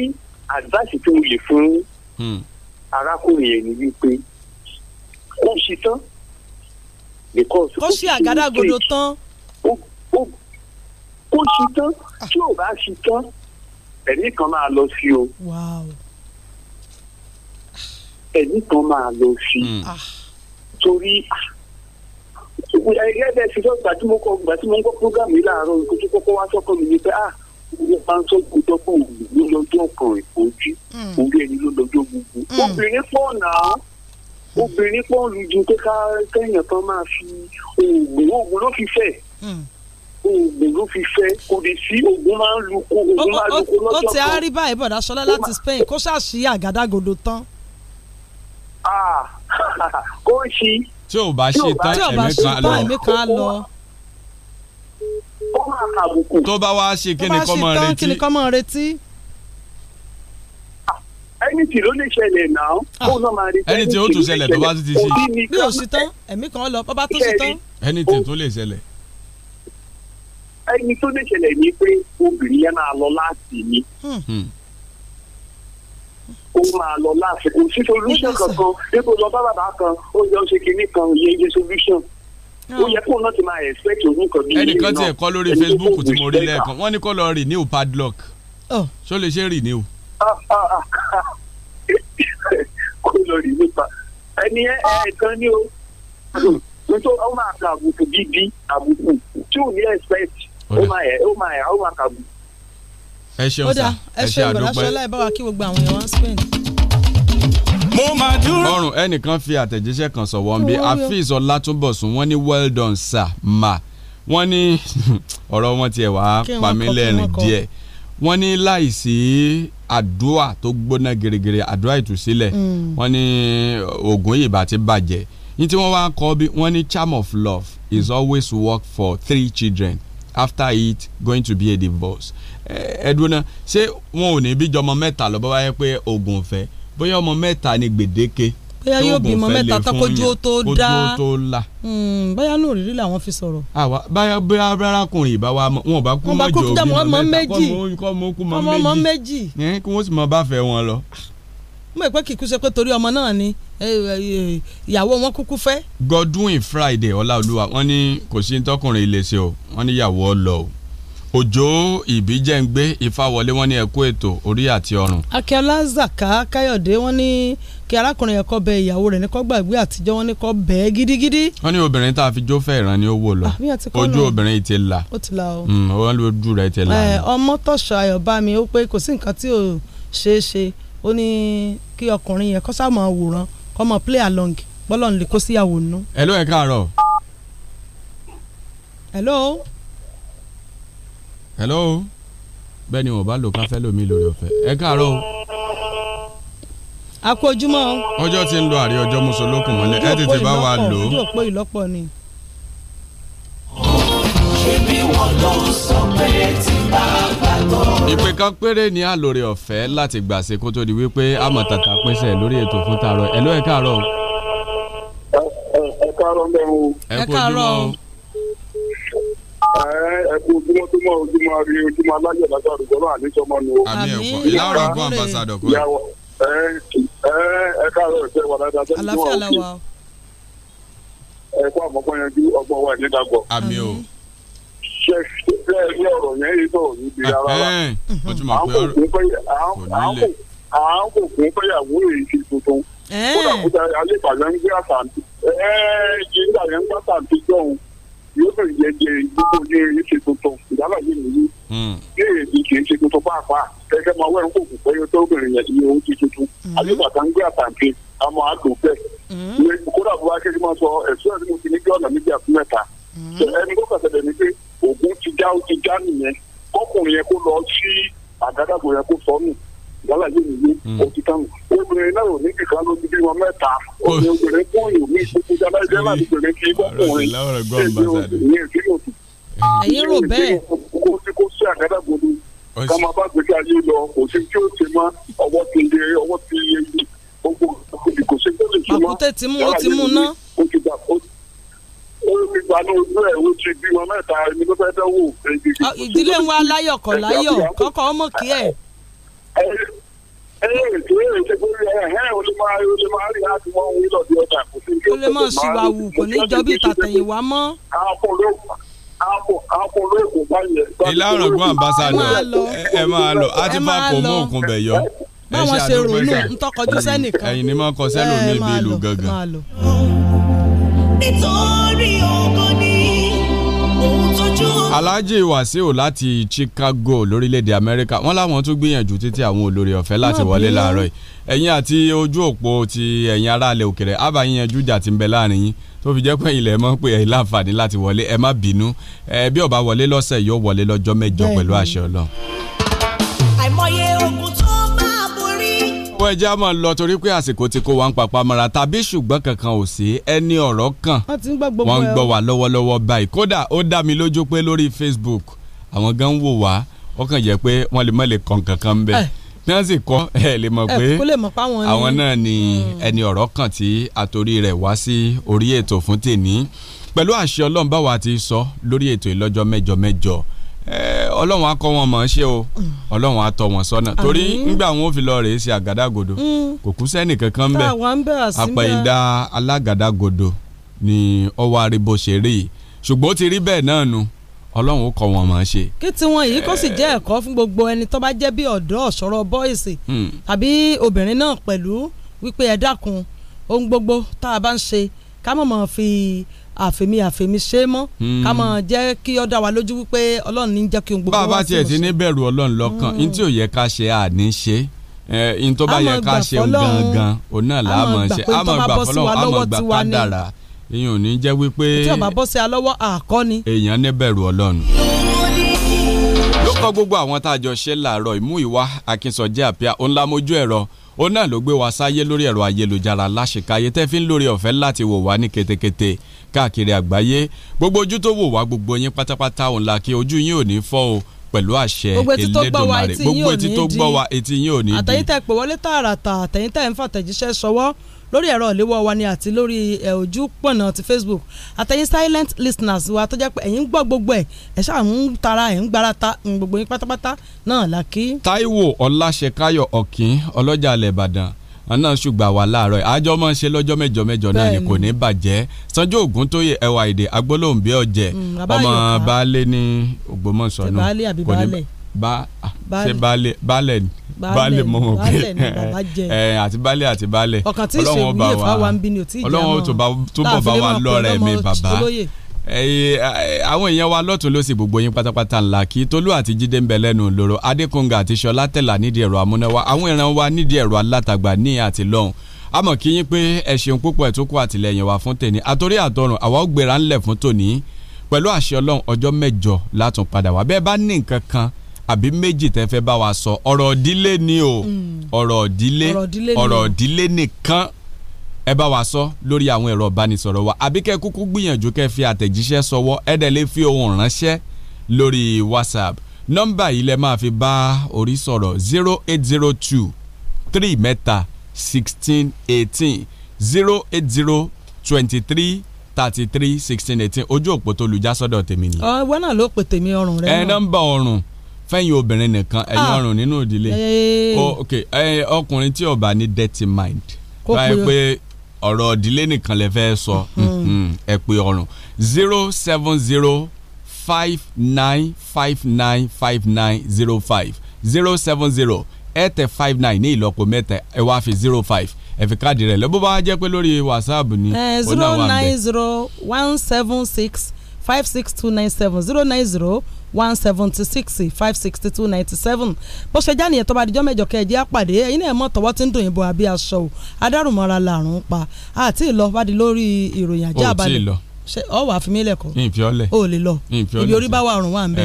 àdásí tó lè fún. Hmm arákùnrin yẹn ni wípé ó ṣe tán ó ṣe àgádágodo tán ó ṣe tán tí ò bá ṣe tán ẹ̀mí kan máa lọ sí o ẹ̀mí kan máa lọ sí torí ẹgbẹ́ bẹ́ẹ̀ ṣe fẹ́ gbàtí mo kọ́ gbàtí mo ń gbọ́ program yìí láàárọ̀ kó kọ́kọ́ wá sọ́kàn mi ni pé ah ìyẹn máa ń sọ ìgbọ́jọ́ bò ló lọ́jọ́ kan ìpọ́jú hmm. orí ẹni ló lọ́jọ́ gbogbo hmm. obìnrin pọ̀ náà hmm. obìnrin pọ̀ lu ju pé ká kẹ́yìn kan máa fi oògùn oògùn ló fi fẹ́ oògùn ló fi fẹ́ kò lè sí oògùn máa ń lu ko oògùn máa lu ko lọ́jọ́ kan. ó ti á báyìí bọ̀dá Ṣọlá láti Spain kó ṣàṣì àgádágodo tán. Ah, *laughs* kó ń ṣí. tí ò bá ṣe tán ẹ̀mí kan lọ ó máa ka àbùkù. tó bá wá ṣe kí ni kọ́ mọ̀ retí. tó bá ṣe tán kí ni kọ́ mọ̀ retí. ẹni tí ah, ló lè ṣẹlẹ̀ náà ah. ó náà máa retí. ẹni tí ó tún ṣẹlẹ̀ tó bá ti ṣe. bí o ṣe tán ẹ̀mí kan lọ bọ́bá tó ṣe tán. ẹni tí tó lè ṣẹlẹ̀. ẹni tó lè ṣẹlẹ̀ ni pé obìnrin yẹn máa lọ láti mi hmm. hmm. ó máa lọ láti kò sí solution kankan ipò lọ bá bàbá kan ó yọ ṣe kinní kan yẹ iye solution ó yẹ kó náà ti máa expect òun kan bíi. ẹnìkan tiẹ̀ kọ́ lórí Facebook tí mo rí lẹ́ẹ̀kan wọ́n ní kó lọ renew padlock oh. ṣó lè ṣe renew. *laughs* kó lọ renew pa ẹni ẹ ẹ kan ní o hmm. nítorí ó máa ka àbùkù gidi àbùkù tí ò ní expect ó máa ẹ ó máa ẹ ó máa ka àbùkù. ẹ ṣeun sá ẹ ṣe àdúpẹ́ ó dà ẹ ṣe ìgbàlásọ́lá ẹ bá wa kí gbogbo àwọn èèyàn wá Spain mo máa dúró. ọrùn ẹnìkan fi àtẹ̀jíṣẹ́ kan sọ̀wọ́ ń bí afeez ọlátúnbọ̀sùn wọ́n ní well done sir ma wọ́n ní *laughs* ọ̀rọ̀ wọn tiẹ̀ wá pamílẹ̀rìn díẹ̀ wọ́n ní láìsí àdúrà tó gbóná gèrègèrè àdúrà ìtúsílẹ̀ mm. wọ́n ní oògùn yìí bá ti bàjẹ́ ní tí wọ́n wá kọ́ bí wọ́n ní charm of love is always work for three children after it going to be a divorce ẹ̀ẹ́dùn náà ṣé wọn ò ní bí jọmọ mẹ́ta lọ bá wáyé pé oògùn ọ̀fẹ́ bóyá ọmọ mẹ́ta ni gbèdéke bóyá yóò bímọ mẹ́ta tọkọjú ó tó dá ojú ó tó la. Hmm, bóyá náà òrìrì làwọn fi sọ̀rọ̀. àwa bóyá bóyá arákùnrin ìbá wa wọn bá kú mọ́jọ òbí mọ mẹ́ta kọ́ mọ́ kú mọ́ méjì kí wọ́n sì mọ bá fẹ́ wọn lọ. mo mọ̀ pé kì í kú ṣe pé torí ọmọ náà ni ìyàwó wọn kúkú fẹ́. Godwin Friday Ọláolúwa wọn ní kò sí tọkùnrin ilé ṣe o wọn ní ìyàwó ọ lọ o òjò ìbíjẹ́ngbé ìfàwọlé wọn ní ẹ̀kú ètò orí àti ọrùn. akíọlá zaka káyọ̀dé wọn ní kí arákùnrin ẹ̀kọ́ bẹ ìyàwó rẹ̀ ní kó gbàgbé àtijọ́ wọn ní kó bẹ́ẹ̀ gidigidi. wọ́n ní obìnrin tá a fi jó fẹ́ ìran ni ó wò lọ ah, ojú obìnrin ti la ó ti la o mm, ti la. Eh, ọmọ tọ̀sọ̀ ayọ̀bámi ó pé kò sí nǹkan tí ò ṣeé ṣe ó ní kí ọkùnrin yẹn kó sá máa wòran kó play along bọ́lọ̀ ń lè kó síyàwó nù. hello ẹ káàárọ̀. hello hello bẹ́ẹ̀ ni wọ́n bá lò káfẹ́ lómi lórí ọ̀fẹ́ ẹ káàárọ̀ o. a kú ojúmọ́ o. ọjọ́ tí ń lọ àrí ọjọ́ mùsùlùkùn mọ́lẹ̀ ẹ tètè bá wa lò ojú òpó ìlọ́pọ̀ ni. ṣebí wọn ló sọ pé tí bá gbàgbọ́. ìpè kan péré ni a lórí ọ̀fẹ́ láti gbàṣe kó tó di wípé a mọ̀ tàtà pínṣẹ̀ lórí ètò fún taarọ̀ ẹ̀ ló ẹ káàárọ̀ o. ẹ káàárọ̀ mẹ́rin. ẹ Eh, ẹkú ojúmọ́ tó mọ ojúmọ́ rí ojúmọ́ aláyọ̀ lájọ àdúgbò náà àdéjọ mọ nu. àmì ẹ̀kọ́ ìyá ọ̀rọ̀ ẹ̀kọ́ ambassadọ̀ kọ́. ẹ eh, eh, ẹ káàárọ̀ ẹ̀fẹ́ wà dáadáa tó ń bọ̀ ọ́ ẹ̀kọ́ àmọ́kọ́ yanjú ọgbọ́n wa ní dàgbọ́. àmì o. ṣe ṣe ẹgbẹ́ ọ̀rọ̀ yẹn yìí tó níbi ara wa. à ń kò kún fẹ́yàwó èyí ti tuntun. kódà kódà alẹ́ ìbàdàn ń gbé àtàntì. ẹ̀ẹ́ ìgbà yẹn ń gbé àtàntì jọ̀hún yóò sọ ìyẹjẹ gbogbo ní eré tuntun ìdáná yìí nìyí ní hmm. èdè kì í ṣe tuntun pàápàá kẹkẹ máa wẹrun kò kò pẹyọ tó obìnrin yẹn iye owó tuntun hmm. àyùbàtà ń gbé àtàǹkè àmọ́ àdùn bẹ́ẹ̀ hmm. kódà bó wá kékeré máa sọ ẹsùn ẹni mo ti ní kí ọ̀nà méjì àti mẹ́ta ẹni tó kàtẹ́lẹ̀ ni pé ògùn ti já ó ti já nìyẹn kọkùnrin yẹn kó lọ sí àgádágoyẹ kó sọ nù yálà yé mi yé o ti tán obìnrin náà ò ní kíkan ló ti bímọ mẹ́ta oh. obìnrin kún ìlú mi gbogbo dáadáa náà obìnrin kì í bọ́kùnrin ṣèjì òní ìdílé òtún. ẹ̀yin rò bẹ́ẹ̀. kó o ti kó sí àgádágodo oh, ká máa bá gbèsè ayé lọ kò sí tí ó ti mọ ọwọ́ ti yẹ ọwọ́ ti yẹ gbogbo kò sí tó lè ti mọ. àkútẹ́ ti mú ó ti mú ná. ó ti gbà ó omi gbanú ojú ẹ̀ ó ti bímọ mẹ́ta ẹni tó fẹ́ fẹ́ wò. Ah, ìdílé wa láyọ̀ kọ̀ láyọ̀ kọ́kọ́ ọmọ kí ẹ̀ o lè mọ̀ sí wa wù kò ní jọ bí tàtẹ̀yìnwá mọ́. ìlànà gbọ́n ambassadọ ẹ máa lọ a ti fa kò mú òkun bẹ̀ yọ. báwọn ṣe ronú ń tọkọjú sẹ́nìkan. ẹ̀yin ni máa kọ sẹ́lòmí ibi ìlú gangan. nítorí alhaji wasiu láti Chicago lórílẹ̀‐èdè Amẹ́ríkà wọ́n láwọn tún gbìyànjú títí àwọn olórí ọ̀fẹ́ láti wọlé láàárọ̀ yìí ẹ̀yin àti ojú òpó ti ẹ̀yin aráàlẹ̀ òkèrè àbáyẹnjú jà ti ń bẹ láàrin yín tó fi jẹ́ pé ilẹ̀ mọ́ pé ẹ̀ láǹfààní láti wọlé ẹ má bínú ẹ bí ó wọlé lọ́sẹ̀ yóò wọlé lọ́jọ́ mẹ́jọ pẹ̀lú àṣẹ Ọlọ́run. àìmọye ogun tó ṣùgbọ́n ẹjẹ́ á lọ torí pé àsìkò ti kó wa ń papá mọ́ra tàbí ṣùgbọ́n kankan ò sí ẹni ọ̀rọ̀ kan wọ́n ń gbọ́ wá lọ́wọ́lọ́wọ́ báyìí kódà ó dá mi lójú pé lórí Facebook àwọn gan wò wá ó jẹ́ pé wọ́n lè má lè kankan ń bẹ̀ tí eh. wọ́n sì kọ́ ẹ eh, lè mọ̀ pé àwọn náà ni hmm. ẹni ọ̀rọ̀ kan tí àtòrí rẹ̀ wá sí orí ètò fún tèmi pẹ̀lú àṣẹ Ọlọ́run báwa ti sọ lórí ètò ìlọ́jọ́ mẹ́jọ mẹ́jọ Eh, ọlọ́run á kọ́ wọn mọ̀ ọ́n ṣe o mm. ọlọ́run á tọ́ wọn sọ́nà torí ńgbà wọn ò fi lọ rèé ṣe àgádágodo mm. kò kú sẹ́nì kankan bẹ́ẹ̀ àpẹ̀yìndà alágádágodo ni ọwọ́ àríbó ṣe rí i ṣùgbọ́n ó ti rí bẹ́ẹ̀ náà nu ọlọ́run ó kọ́ wọn mọ̀ ọ́n ṣe. kí tiwọn yìí kó sì jẹ́ eh. ẹ̀kọ́ fún gbogbo ẹni tó bá jẹ́ bí ọ̀dọ́ ọ̀ṣọ́rọ̀ bọ́ìsì hmm. tàbí tá a ká mọ̀ mọ̀ fi àfẹ̀mí àfẹ̀mí ṣe mọ́ hmm. ká mọ̀ jẹ́ kí ó dá wa lójú wípé ọlọ́run ní jẹ́ kí n gbogbo wá sí òṣèlú. bá a bá tiẹ̀ ti ní bẹ̀rù ọlọ́run lọ́kàn hmm. ní tí ò yẹ ká ṣe àní ṣe ní tó bá yẹ ká ṣe gangan òun náà là á mọ̀ ṣe á mọ̀ gbà fọlọ́run á mọ̀ gbà kádàrà ìyẹn ò ní jẹ́ wípé èèyàn ní bẹ̀rù ọlọ́run ló gbogbo àwọn tá a jọ ṣe láàárọ̀ ìmú ìwá akínsọ̀jẹ́ àpíà òun la mójú ẹ̀rọ ó náà ló gbé wa sáyé lórí ẹ̀rọ ayélujára láṣekáyé tẹ́ fi ń lórí ọ̀fẹ́ láti wò wá ní ketekete káàkiri àgbáyé gbogbo ojú tó wò wá gbogbo yín pátápátá òun la kí ojú yín ò ní fọ́ o pẹ̀lú àṣẹ Elédùmarè gbogbo etí tó gbọ́ wa etí yín ò ní di àtẹ̀yìntẹ̀ pè tààràtà àtẹ̀yìntẹ̀ ń sọwọ́ lórí ẹ̀rọ ìléwọ́ wa ni àti lórí ẹ̀ ojú pọ̀nà ti Facebook àtẹ̀yìn silent listeners wa tó jẹ́ pé ẹ̀yin gbọ́ gbogbo ẹ̀ ẹ̀ ṣáà ń tara ẹ̀ ń gbára gbogbo yín pátápátá náà là kí. Táíwò Ọláṣẹkáyọ̀ Ọ̀kín ọlọ́jà Ìbàdàn ọ̀nà ṣùgbà wà láàárọ̀ àjọ máa ń ṣe lọ́jọ́ mẹ́jọ mẹ́jọ náà ni kò ní bàjẹ́ sanjó ògùn tó yẹ ẹwà èdè agbólóhùn bí ọ̀jẹ̀ mm, ọmọ baálé ní Ògbómọ̀ṣọ́ kò ní ba ṣe baale baale ni baálẹ̀ mọ̀ mọ̀ pé ẹ̀ *laughs* eh, àti baálẹ̀ àti baálẹ̀ ọlọ́wọ́n bá wa ọlọ́wọ́n tó bọ̀ bá wa lọ́rẹ̀ mi bàbá eh, eh, àwọn èèyàn wa lọ́tún ló sì gbogbo yín pátápátá ńlá kí Tolú àti Jídé ń bẹ lẹ́nu lóró Adékúnga àti Ṣọlá tẹ̀lá nídìí ẹ̀rọ amúnáwá àwọn ìran wa nídìí ẹ̀rọ alátagbà ní àti lọ́hùn àmọ́ kí yín pé ẹ ṣeun púpọ̀ ẹ̀ tó kó àtìlẹyìn wa fún tèmi àtòrí àtọrùn àwa ó gbéra ńlẹ̀ fún tòní pẹ̀lú àṣẹ Ọlọ́run ọjọ́ mẹ́jọ látún padà wá bẹ́ẹ̀ bá ní nǹkan kan àbí méjì tẹ́ fẹ́ bá wa sọ ọ̀rọ̀ ìdílé ni o hmm. ọ̀rọ̀ ìdílé ọ̀rọ̀ ìdílé nìkan ẹ bá wa sọ lórí àwọn ẹ̀rọ ìbánisọ̀rọ̀ wa àbí kẹ́ kúkú gbìyànjú kẹ́ fi àtẹ̀jíṣẹ́ sọwọ́ ẹ dẹ̀ lè fi ohun ránṣẹ́ lórí WhatsApp nọ́mbà yìí lẹ máa fi bá orí sọ̀rọ̀ zero eight zero two three mẹ́ta sixteen eighteen zero eight zero twenty three thirty three sixteen eighteen ojú òpó tó lu jásọ́dọ̀ tèmi nìyẹn. ọ̀wọ́n náà ló pè tèmi ọrùn rẹ náà. ẹ nọ́mbà ọrùn fẹ́yìn obìnrin nìkan ẹ̀yin ah. ọrùn nínú ìdílé ọkùnrin tí ó bá ní dirty mind báyìí pé ọ̀rọ̀ ìdílé nìkan lè fẹ́ sọ hmm. Hmm, ẹ pé ọrùn zero seven zero five nine five nine five nine zero five zero seven zero eight five nine ní ìlọ́po mẹ́ta ẹ wá fi zero five ẹ fi káàdì rẹ̀ lọ bá jẹ́ pé lórí whatsapp ni eh, ó náà wà ń zero nine zero one seven six five six two nine seven zero nine zero one seventy six five sixty two ninety seven bó ṣe já nìyẹn tó bá dijọ́ mẹ́jọ kẹjẹ àpàdé ẹ̀yin náà mọ̀ tọwọ́ tí ń dùn yín bo àbí aṣọ o adárùnmọ́ra làrùn pa àti ìlọ lórí ìròyìn ajá àbálẹ̀ ṣe ọ wà fún mi lẹkọ o lè lọ ibi orí bá wà rùn wà ń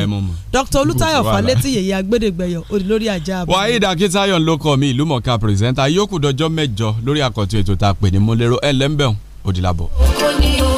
Dr Olùtayọ̀ Fálétí yèyé agbẹdẹgbẹyọ o ajá abẹ. Waheed Akitayo ló kọ mi ìlú mọ̀ọ́ká pírẹsẹ́ńtà yókù dọjọ́ mẹ́jọ lórí àkọ́tún ètò tá a pè ní mo lérò ẹ̀ lẹ́ńbẹ̀ọ́n òdìlábọ̀.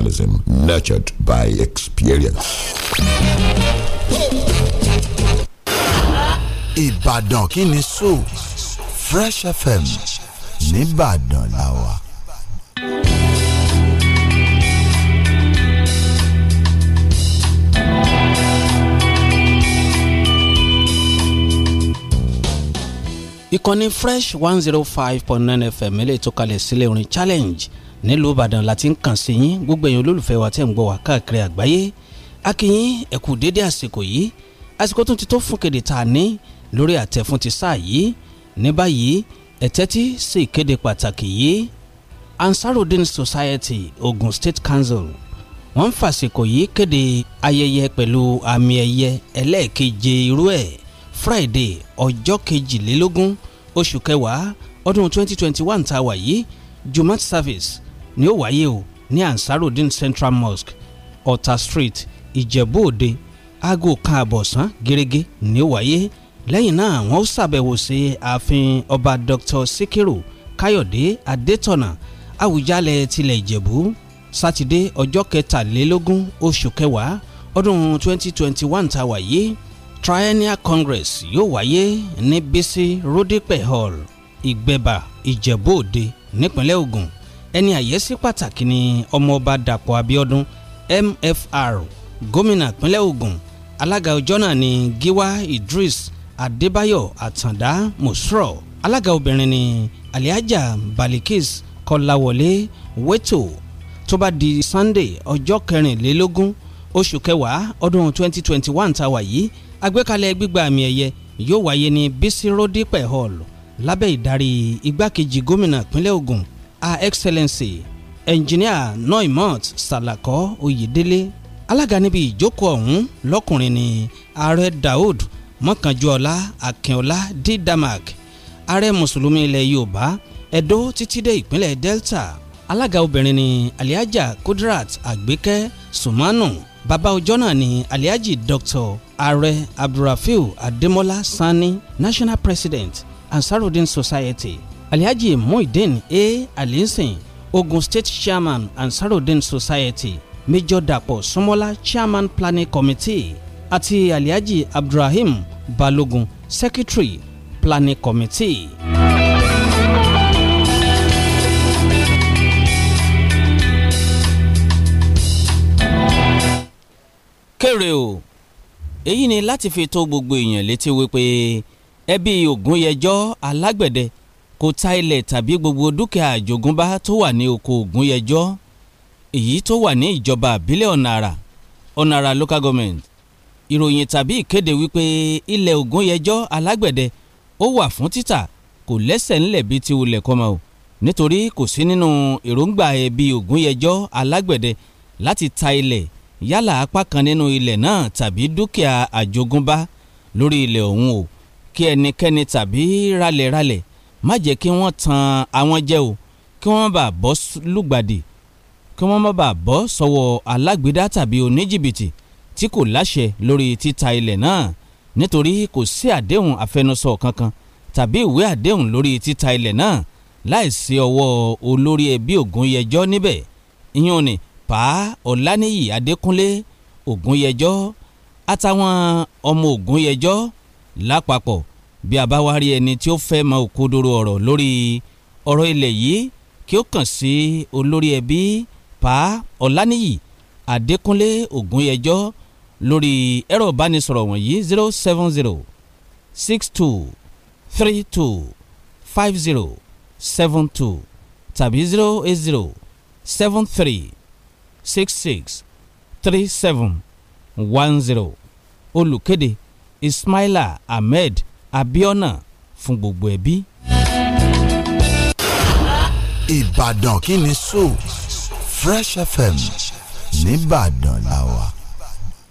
professionalism nurtured by experience. Ìbàdàn kí ni sọ Fresh FM nìbàdàn làwà. ìkànnì fresh one zero five point nine fm eléyìí tó sílẹ̀ orin challenge nílùú ìbàdàn láti ń kàn sí yín gbogbo ẹ̀yin olólùfẹ́ wa tẹ̀ ń gbọ́ wá káàkiri àgbáyé a kí yín ẹ kú déédé àsìkò yìí àsìkò tó ti tó fún kéde tá ní lórí àtẹ̀ fún ti sáà yìí ní báyìí ẹ tẹ́tí sí pàtàkì yìí Ansarudeen Society Ogun State Council wọ́n ń fàsìkò yìí kéde ayẹyẹ pẹ̀lú àmì ẹ̀yẹ ẹlẹ́ẹ̀keje irú ẹ̀ Friday ọjọ́ kejìlélógún oṣù kẹwàá ọdún 2021 tá a wà yìí Jumat service ni ó wáyé o ní Ansarudeen Central Mosque Ọ̀tà Street Ìjẹ̀bú Òde aago kan àbọ̀sán gẹ́gẹ́ ni ó wáyé lẹ́yìn náà wọ́n ṣàbẹ̀wò sí ààfin ọba Dr. Sikiru Káyọ̀dé Adétọ̀nà Àwùjalẹ̀ tilẹ̀ Ìjẹ̀bú sátidé ọjọ́ kẹtàlélógún oṣù kẹwàá ọdún 2021 tá a wáyé Triennial Congress yóò wáyé ní Bisi Rodipe Hall Ìgbẹ̀bà Ìjẹ̀bú Òde nípínlẹ̀ Ògùn ẹni àyẹ́sí pàtàkì ni ọmọọba Dàpọ̀ Abíọ́dún MFR gómìnà ìpínlẹ̀ Ògùn alága ọjọ́ náà ni Giwa Idris Adébáyọ̀ Àtàndá Musro alága obìnrin ni Aliaja Balikis Kọláwọlé Weto tó bá di Sunday ọjọ́ kẹrìnlélógún oṣù kẹwàá ọdún 2021 tá a wà yìí àgbékalẹ̀ gbígba àmì ẹ̀yẹ yóò wáyé ní Bísí Hall lábẹ́ ìdarí igbákejì gómìnà ìpínlẹ̀ Ògùn her excellency engineer noimot salako oyedele alága níbi ìjókòó ọ̀hún lọ́kùnrin ni ààrẹ daoud mọ́kànjúọlá akínọlá didamak ààrẹ mùsùlùmí ilẹ̀ yorùbá edo títí dé ìpínlẹ̀ delta alága obìnrin ni aliaja kudrat agbẹ́kẹ́ sumanu bàbá ọjọ́ náà ni aliaji dr ààrẹ abdulrafiu ademola sani national president and Sarudin society alhaji muhyiddin a alinsin ogun state chairman and ansarudin society major dapò sumola chairman planning committee àti alhaji abdulrahim balogun secretary planning committee. kéré o èyí ni láti fi tó gbogbo èèyàn létí wípé ẹbí ògúnyẹjọ́ alágbẹ̀dẹ kó ta ilẹ̀ tàbí gbogbo dúkìá àjogúnbá tó wà ní oko Ògúnyẹjọ́ èyí tó wà ní ìjọba àbílẹ̀ Ọ̀nàrà Ọ̀nàrà local government ìròyìn tàbí ìkéde wípé ilẹ̀ Ògúnyẹjọ́ alágbẹ̀dẹ ó wà fún títà kò lẹ́sẹ̀ ńlẹ̀ bíi ti ulẹ̀ kọ́mọ o nítorí kò sí nínú èròǹgbà ẹbí Ògúnyẹjọ́ alágbẹ̀dẹ láti ta ilẹ̀ yálà apá kan nínú ilẹ̀ náà tàbí dúkìá àjogúnbá lórí ilẹ̀ ọ̀hún o kí ẹnikẹ́ni tàbí ralẹ̀ralẹ̀ má jẹ́ kí wọ́n tan àwọn jẹ o kí wọ́n bá bọ́ lùgbàdì kí wọ́n má bá bọ́ sọ́wọ́ alágbèédá tàbí oníjìbìtì tí kò láṣẹ lórí títa ilẹ̀ náà nítorí kò sí àdéhùn àfẹnusọ kankan tàbí ìwé àdéhùn lórí títa ilẹ̀ náà láìsí ọwọ́ olórí ẹbí Ògúnyẹjọ́ níbẹ̀ ìyẹn ni pa Ọláníyì Adékúnlé Ògúnyẹjọ́ àtàwọn ọmọ Ògúnyẹjọ́ lápapọ̀ bí a bá wá rí ẹni tí ó fẹ́ mọ òkodoro ọ̀rọ̀ lórí ọ̀rọ̀ ilẹ̀ yìí kí ó kàn sí olórí ẹbí pa ọ̀lànìyí adékúnlé ògúnyẹjọ́ lórí ẹ̀rọ ìbánisọ̀rọ̀ wọ̀nyí zero seven zero six two three two five zero seven two tàbí zero eight zero seven three six six three seven one zero olùkéde ismaila ahmed Abiona fún gbogbo ẹbí. Ìbàdàn kí ni so Fresh FM nìbàdàn la wà.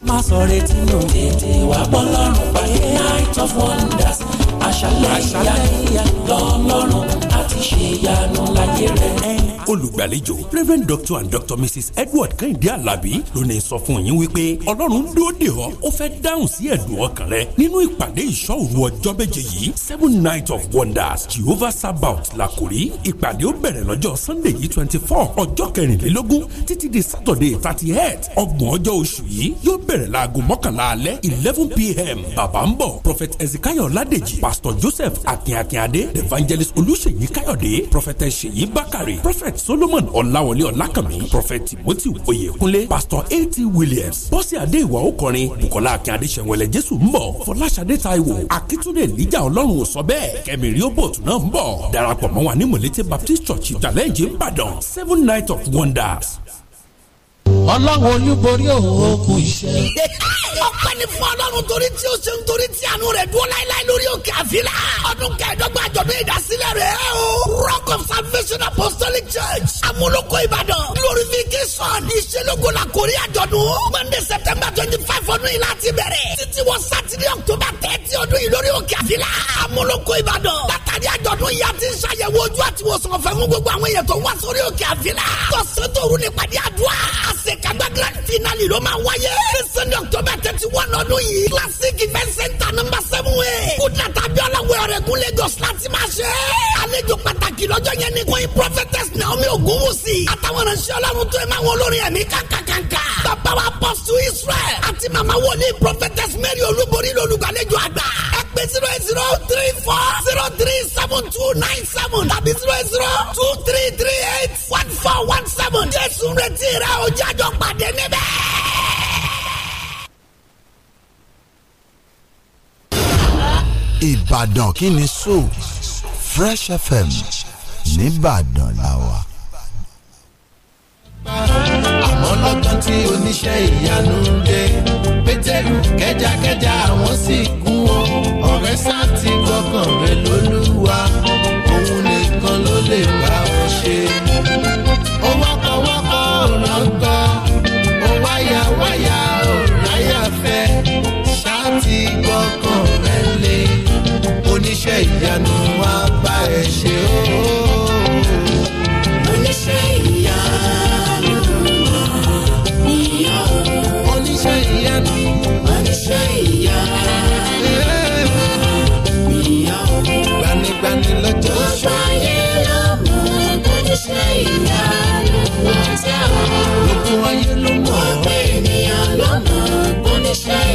má sọ retí nù. tètè wá bọ́ lọ́rùn pàdé night of wonders àṣálẹ̀ ìyá ìyá lọ́lọ́run láti ṣe ìyanu láyé rẹ. olùgbàlejò reverend doctor and doctor mrs edward kẹ́hìndé alábí ló ní sọ fún yín wípé ọlọ́run dúró dè ọ́ ó fẹ́ dáhùn sí ẹ̀dùn ọkàn rẹ nínú ìpàdé ìṣọ́òru ọjọ́ méje yìí seven night of wonders jehovah sabaoth làkòrí ìpàdé ó bẹ̀rẹ̀ lọ́jọ́ sunday yìí twenty four ọjọ́ kẹrìnlélógún títí di saturday thirty eight ọgbọ̀n ọjọ́ oṣù yìí yóò bẹ̀rẹ̀ láago mọ́kànlá alẹ́ eleven pm bàbá ń bọ̀ prophet ezekiel ladeji pastor joseph akínakínadé evangelist olùṣèyíká káyọ̀dé prọfẹtẹ ṣèyí bákàrè prọfẹt solomon ọláwọlé ọlákànmí prọfẹt timothy oyèkúnlé pásítọ̀ at williams bọ́sì adé ìwà òkọrin bukola akin adéṣẹ́wẹ̀lẹ̀ jésù ń bọ̀ fọláṣadé taiwo akitunde níjà ọlọ́run ò sọ bẹ́ẹ̀ kẹmìrì ó bòtù náà ń bọ̀ darapọ̀ mọ́ ní mọ̀lẹ́tẹ̀ baptist church ìdálẹ́jì ìbàdàn seven night of wonders ọlọ́run olúborí òkú iṣẹ́. ọpẹ́ ni fún ọlọ́run torí tí ó ṣe ń torí tí àánú rẹ̀ dúró láíláí lórí òkè àfilà. ọdún kẹẹ̀dọ́gba àjọ̀dún ìdásílẹ̀ rẹ̀ o. rock of salvation apostolic church amúlòkọ ìbàdàn glorification ìṣelógo la kórí àjọ̀dún. monday september twenty five ọdún yìí láti bẹ̀rẹ̀. títí wọ sátidé october thirty ọdún yìí lórí òkè àfilà. amúlòkọ ìbàdàn látàrí àjọ̀dún yìí àti ṣàyẹ̀wò ojú àtiwòsàn ọ̀fẹ́ fún gbogbo àwọn èèyàn tó wá sórí òkè àfilà. tọ̀sán tòru nípàdé àdúrà. àṣẹ ìjàgbá grand finale ló máa wáyé. sísèni october thirty one ọdún yìí. classic event center number seven way. kúndàtà abiola wẹ̀ ọ̀rẹ́kún lagos láti máa ṣe. àlejò pàtàkì lọ́jọ́ yẹn ni coin prophetess naomi ogunwusi. àtàwọn ìránṣẹ́ ọlọ́run tó ẹ máa wọ olórin ẹ̀mí kàkàkàkà. bàbá wa apostle israel àti màmá wọlé prophetess mary olúborí lolùgbàlejò àgbà. ẹ pè zero zero three four zero three seven two nine seven tàbí zero zero two three three eight one four one seven. jésù retí rẹ o jọ pàdé níbẹ̀. Ìbàdàn kí ni so Fresh FM nìbàdàn làwà. àmọ́ lọ́jọ́ tí oníṣẹ́ ìyanu dé pétérù kẹjakẹja àwọn sì kú o ọ̀rẹ́ sá ti gbọ́kàn rẹ̀ lólúwa òun nìkan ló lè bá ọ ṣe. ó wá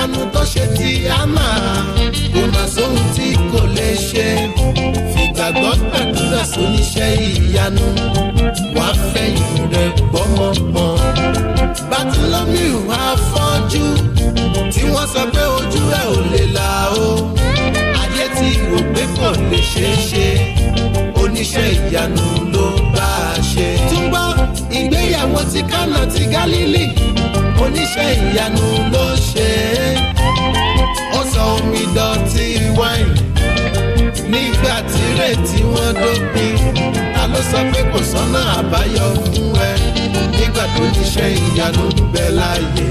ìyanu tó ṣe ti àmà kò má sóhun tí kò lè ṣe fìgbàgbọ́ gbàdúrà sóníṣẹ́ ìyanu wà á fẹ̀yìn rẹ̀ gbọ́mọgbọ́n bàtìlómi wà fọ́jú tí wọ́n sọ pé ojú ẹ̀ ò lè là o ajé tí wò pé kò lè ṣeé ṣe oníṣẹ́ ìyanu ló bá a ṣe. tún gbọ́ ìgbéyàwó ti kánà ti gálílì oníṣẹ́ ìyanu ló ṣe é ó sọ omi dọ̀tí wáìnì nígbà tí rètí wọn dópin ta ló sọ pé kò sọ́nà àbáyọ fún ẹ nígbà tó ti ṣe ìyanu bẹ láàyè